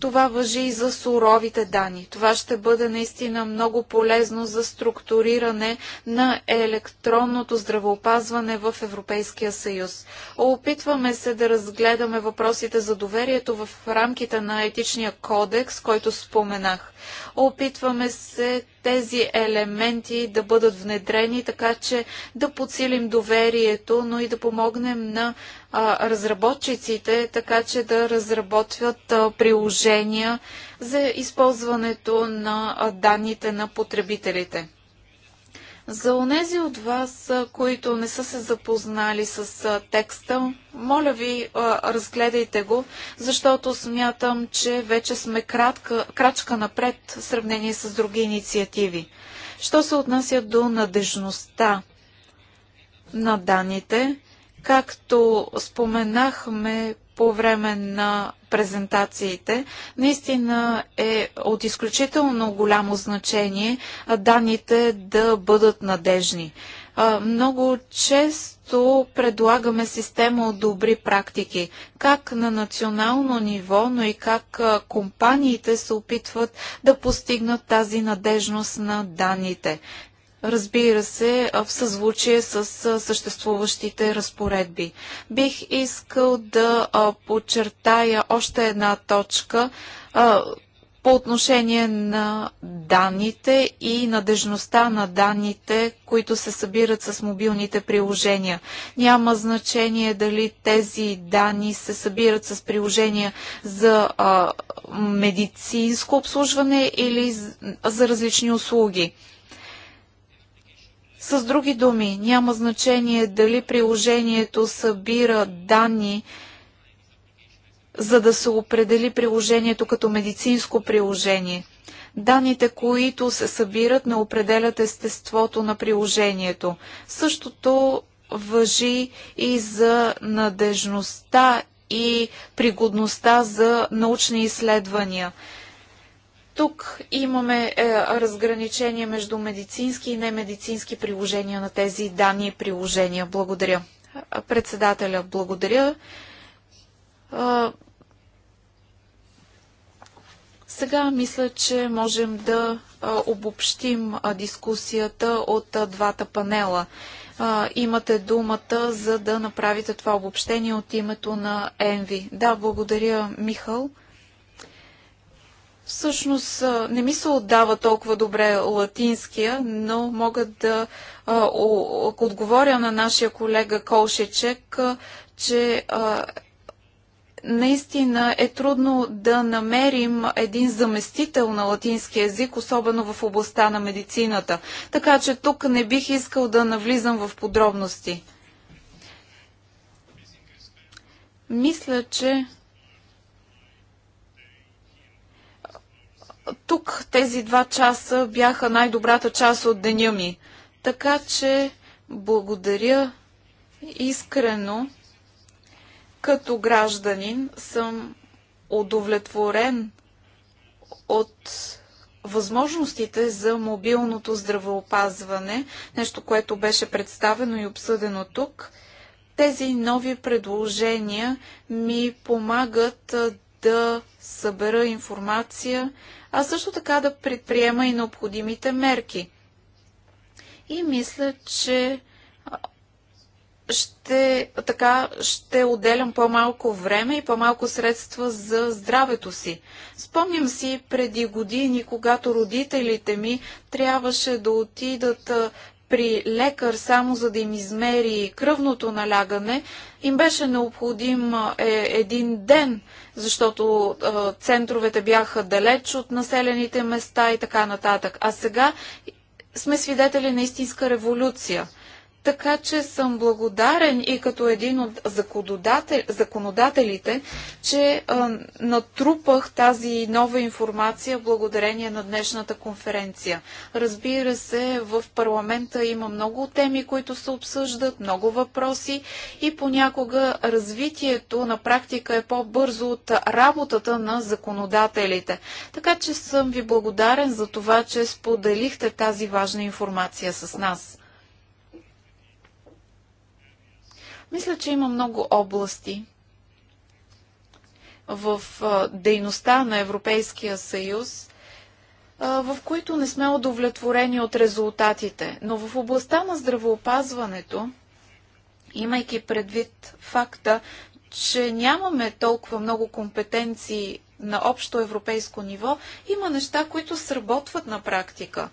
Това въжи и за суровите данни. Това ще бъде наистина много полезно за структуриране на електронното здравеопазване в Европейския съюз. Опитваме се да разгледаме въпросите за доверието в рамките на етичния кодекс, който споменах. Опитваме се тези елементи да бъдат внедрени, така че да подсилим доверието, но и да помогнем на а, разработчиците, така че да разработват а, приложения за използването на а, данните на потребителите. За онези от вас, които не са се запознали с текста, моля ви, разгледайте го, защото смятам, че вече сме кратка, крачка напред в сравнение с други инициативи. Що се отнася до надежността на данните, както споменахме по време на презентациите, наистина е от изключително голямо значение данните да бъдат надежни. Много често предлагаме система от добри практики, как на национално ниво, но и как компаниите се опитват да постигнат тази надежност на данните разбира се, в съзвучие с съществуващите разпоредби. Бих искал да подчертая още една точка по отношение на данните и надежността на данните, които се събират с мобилните приложения. Няма значение дали тези данни се събират с приложения за а, медицинско обслужване или за различни услуги. С други думи, няма значение дали приложението събира данни, за да се определи приложението като медицинско приложение. Данните, които се събират, не определят естеството на приложението. Същото въжи и за надежността и пригодността за научни изследвания. Тук имаме е, разграничение между медицински и немедицински приложения на тези данни и приложения. Благодаря. Председателя, благодаря. сега мисля, че можем да обобщим дискусията от двата панела. Имате думата, за да направите това обобщение от името на Енви. Да, благодаря, Михал. Всъщност не ми се отдава толкова добре латинския, но мога да отговоря на нашия колега Колшечек, че наистина е трудно да намерим един заместител на латински язик, особено в областта на медицината. Така че тук не бих искал да навлизам в подробности. Мисля, че тук тези два часа бяха най-добрата част от деня ми. Така че благодаря искрено. Като гражданин съм удовлетворен от възможностите за мобилното здравеопазване, нещо, което беше представено и обсъдено тук. Тези нови предложения ми помагат да събера информация, а също така да предприема и необходимите мерки. И мисля, че ще, така ще отделям по-малко време и по-малко средства за здравето си. Спомням си преди години, когато родителите ми трябваше да отидат при лекар само за да им измери кръвното налягане, им беше необходим е, един ден защото а, центровете бяха далеч от населените места и така нататък. А сега сме свидетели на истинска революция. Така че съм благодарен и като един от законодателите, че а, натрупах тази нова информация благодарение на днешната конференция. Разбира се, в парламента има много теми, които се обсъждат, много въпроси и понякога развитието на практика е по-бързо от работата на законодателите. Така че съм ви благодарен за това, че споделихте тази важна информация с нас. Мисля, че има много области в дейността на Европейския съюз, в които не сме удовлетворени от резултатите. Но в областта на здравеопазването, имайки предвид факта, че нямаме толкова много компетенции на общо европейско ниво, има неща, които сработват на практика.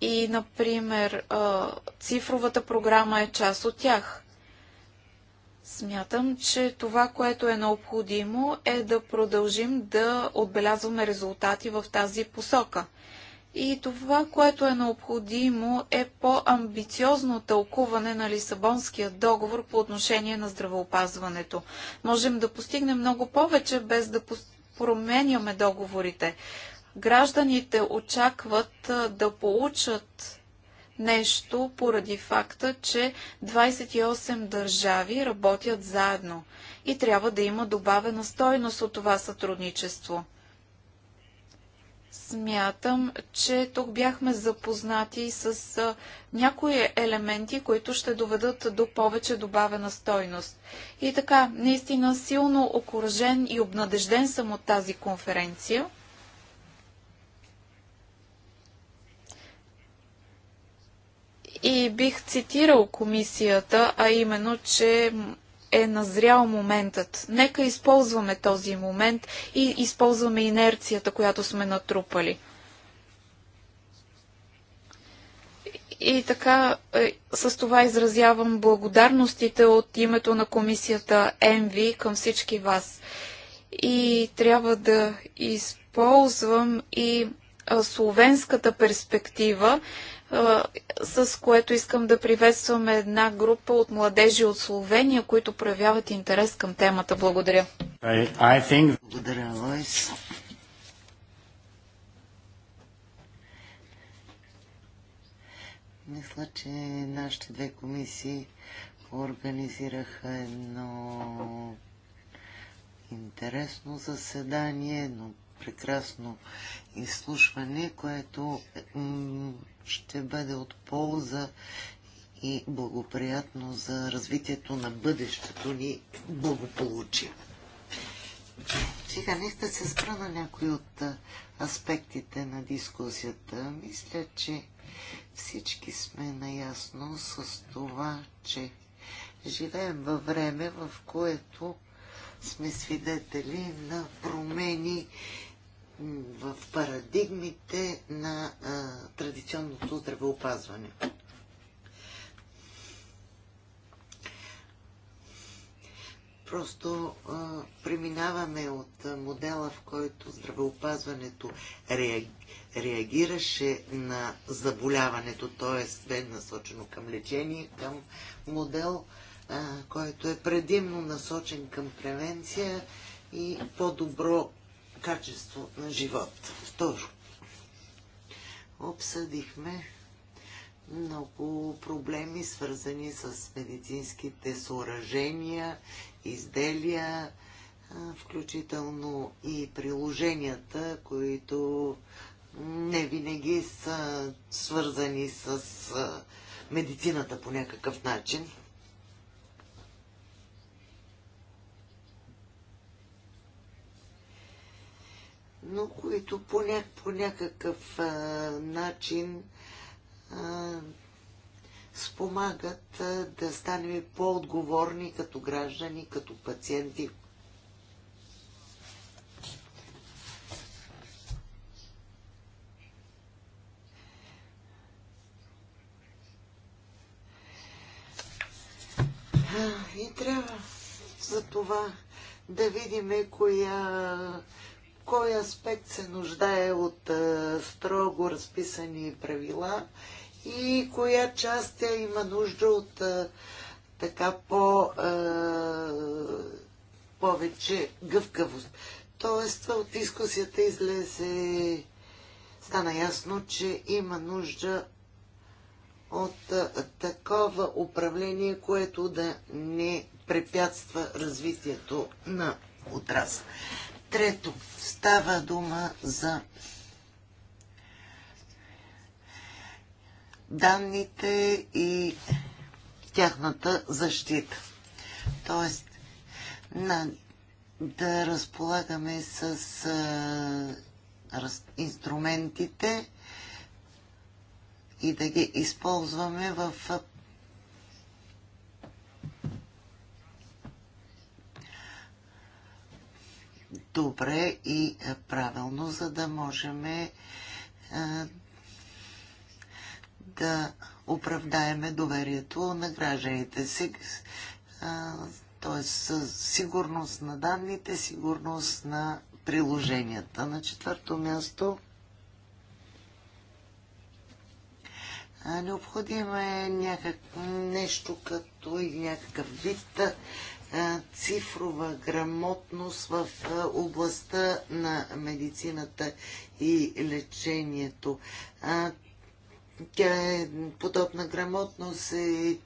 И, например, цифровата програма е част от тях. Смятам, че това, което е необходимо, е да продължим да отбелязваме резултати в тази посока. И това, което е необходимо, е по-амбициозно тълкуване на Лисабонския договор по отношение на здравеопазването. Можем да постигнем много повече, без да променяме договорите. Гражданите очакват да получат нещо поради факта, че 28 държави работят заедно и трябва да има добавена стойност от това сътрудничество. Смятам, че тук бяхме запознати с някои елементи, които ще доведат до повече добавена стойност. И така, наистина силно окоръжен и обнадежден съм от тази конференция. И бих цитирал комисията, а именно, че е назрял моментът. Нека използваме този момент и използваме инерцията, която сме натрупали. И така, е, с това изразявам благодарностите от името на комисията ЕМВИ към всички вас. И трябва да използвам и словенската перспектива, с което искам да приветствам една група от младежи от Словения, които проявяват интерес към темата. Благодаря. I, I think... Благодаря, Лойс. Мисля, че нашите две комисии организираха едно интересно заседание, едно прекрасно изслушване, което ще бъде от полза и благоприятно за развитието на бъдещето ни благополучие. Сега не ще се спра на някои от аспектите на дискусията. Мисля, че всички сме наясно с това, че живеем във време, в което сме свидетели на промени в парадигмите на а, традиционното здравеопазване. Просто а, преминаваме от а, модела, в който здравеопазването реаг... реагираше на заболяването, т.е. бе насочено към лечение, към модел, а, който е предимно насочен към превенция и по-добро качество на живот. Второ, обсъдихме много проблеми, свързани с медицинските съоръжения, изделия, включително и приложенията, които не винаги са свързани с медицината по някакъв начин. но които по, ня, по някакъв а, начин а, спомагат а, да станем по-отговорни като граждани, като пациенти. И трябва за това да видим коя кой аспект се нуждае от строго разписани правила и коя част тя има нужда от така по повече гъвкавост. Тоест, от дискусията излезе, стана ясно, че има нужда от такова управление, което да не препятства развитието на отрасъл. Трето, става дума за данните и тяхната защита. Тоест, на, да разполагаме с а, раз, инструментите и да ги използваме в добре и е, правилно, за да можем е, да оправдаеме доверието на гражданите. си. Е, Т.е. сигурност на данните, сигурност на приложенията. На четвърто място необходимо е някак, нещо като и някакъв вид цифрова грамотност в областта на медицината и лечението. Тя е подобна грамотност е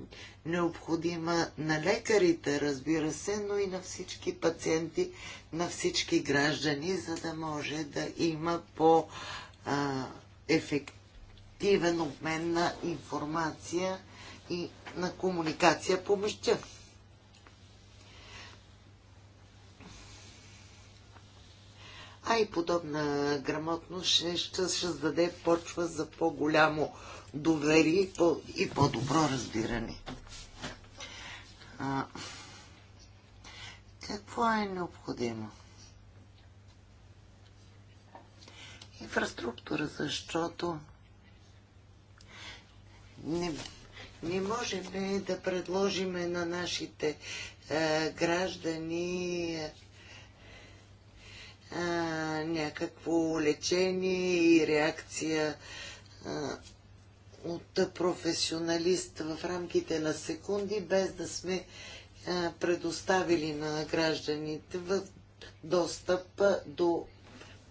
необходима на лекарите, разбира се, но и на всички пациенти, на всички граждани, за да може да има по-ефективен обмен на информация и на комуникация помощта. а и подобна грамотност ще, ще, ще даде почва за по-голямо доверие и, по, и по-добро разбиране. А, какво е необходимо? Инфраструктура, защото не, не можем да предложим на нашите е, граждани е, а, някакво лечение и реакция а, от професионалист в рамките на секунди, без да сме а, предоставили на гражданите в достъп до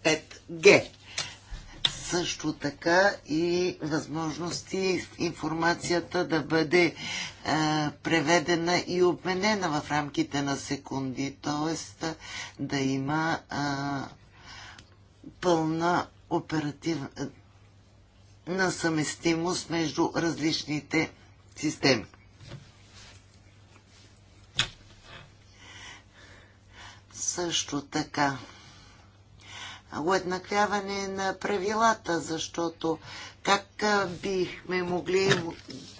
5G също така и възможности информацията да бъде е, преведена и обменена в рамките на секунди, т.е. да има е, пълна оперативна е, на съместимост между различните системи. Също така уеднаквяване на правилата, защото как бихме могли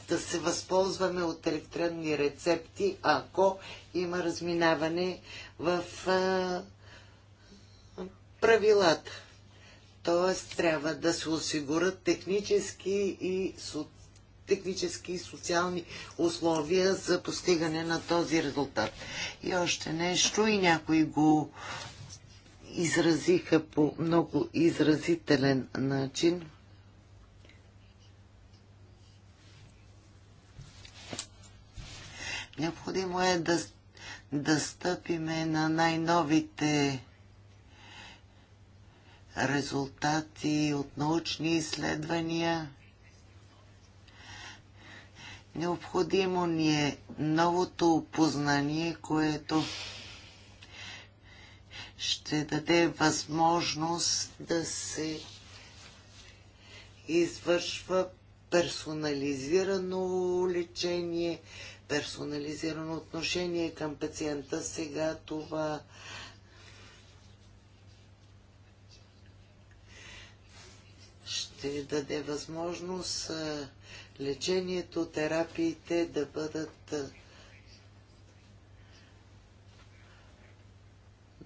да се възползваме от електронни рецепти, ако има разминаване в правилата. Тоест, трябва да се осигурят технически и, со... технически и социални условия за постигане на този резултат. И още нещо, и някои го изразиха по много изразителен начин. Необходимо е да, да стъпиме на най-новите резултати от научни изследвания. Необходимо ни е новото познание, което ще даде възможност да се извършва персонализирано лечение, персонализирано отношение към пациента. Сега това ще даде възможност лечението, терапиите да бъдат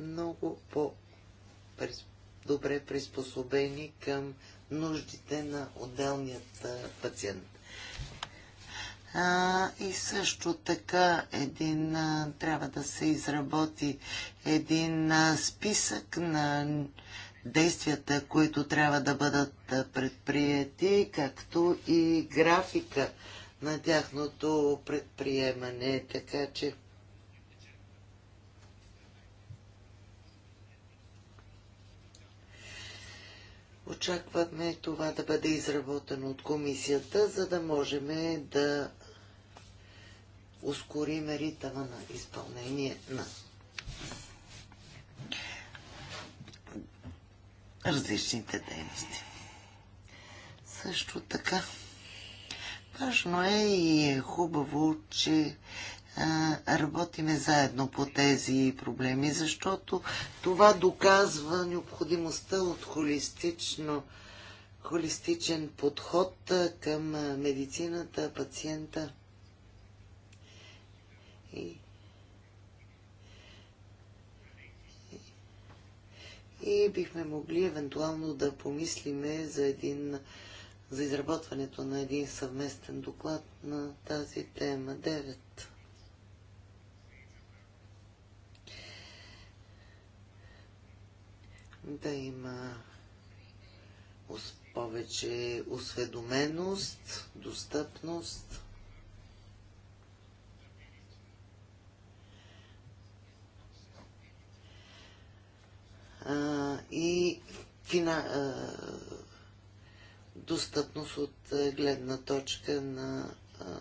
много по-добре приспособени към нуждите на отделният пациент. А, и също така един, а, трябва да се изработи един а, списък на действията, които трябва да бъдат предприяти, както и графика на тяхното предприемане. Така че Очакваме това да бъде изработено от комисията, за да можем да ускорим ритъма на изпълнение на различните дейности. Също така, важно е и е хубаво, че работиме заедно по тези проблеми, защото това доказва необходимостта от холистично, холистичен подход към медицината, пациента. И, и бихме могли евентуално да помислиме за един за изработването на един съвместен доклад на тази тема 9. да има повече осведоменост, достъпност. А, и фина, а, достъпност от гледна точка на а,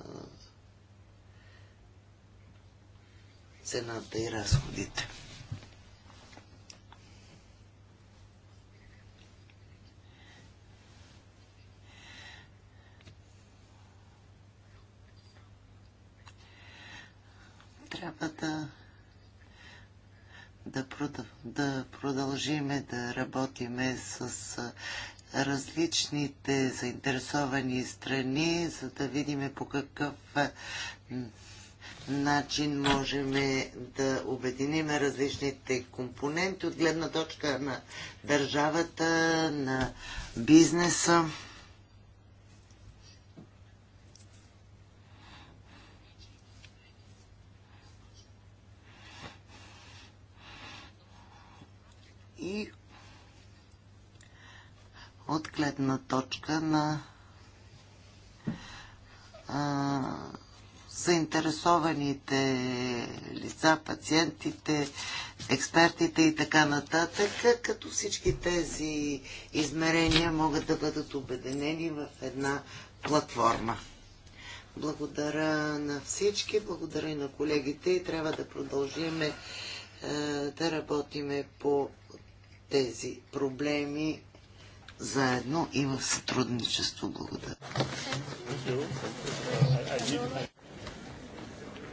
цената и разходите. трябва да да, продъл, да продължиме да работиме с различните заинтересовани страни, за да видим по какъв начин можем да обединим различните компоненти от гледна точка на държавата, на бизнеса. и от гледна точка на а, заинтересованите лица, пациентите, експертите и така нататък, като всички тези измерения могат да бъдат обединени в една платформа. Благодаря на всички, благодаря и на колегите и трябва да продължиме е, да работиме по тези проблеми заедно и в сътрудничество. Благодаря.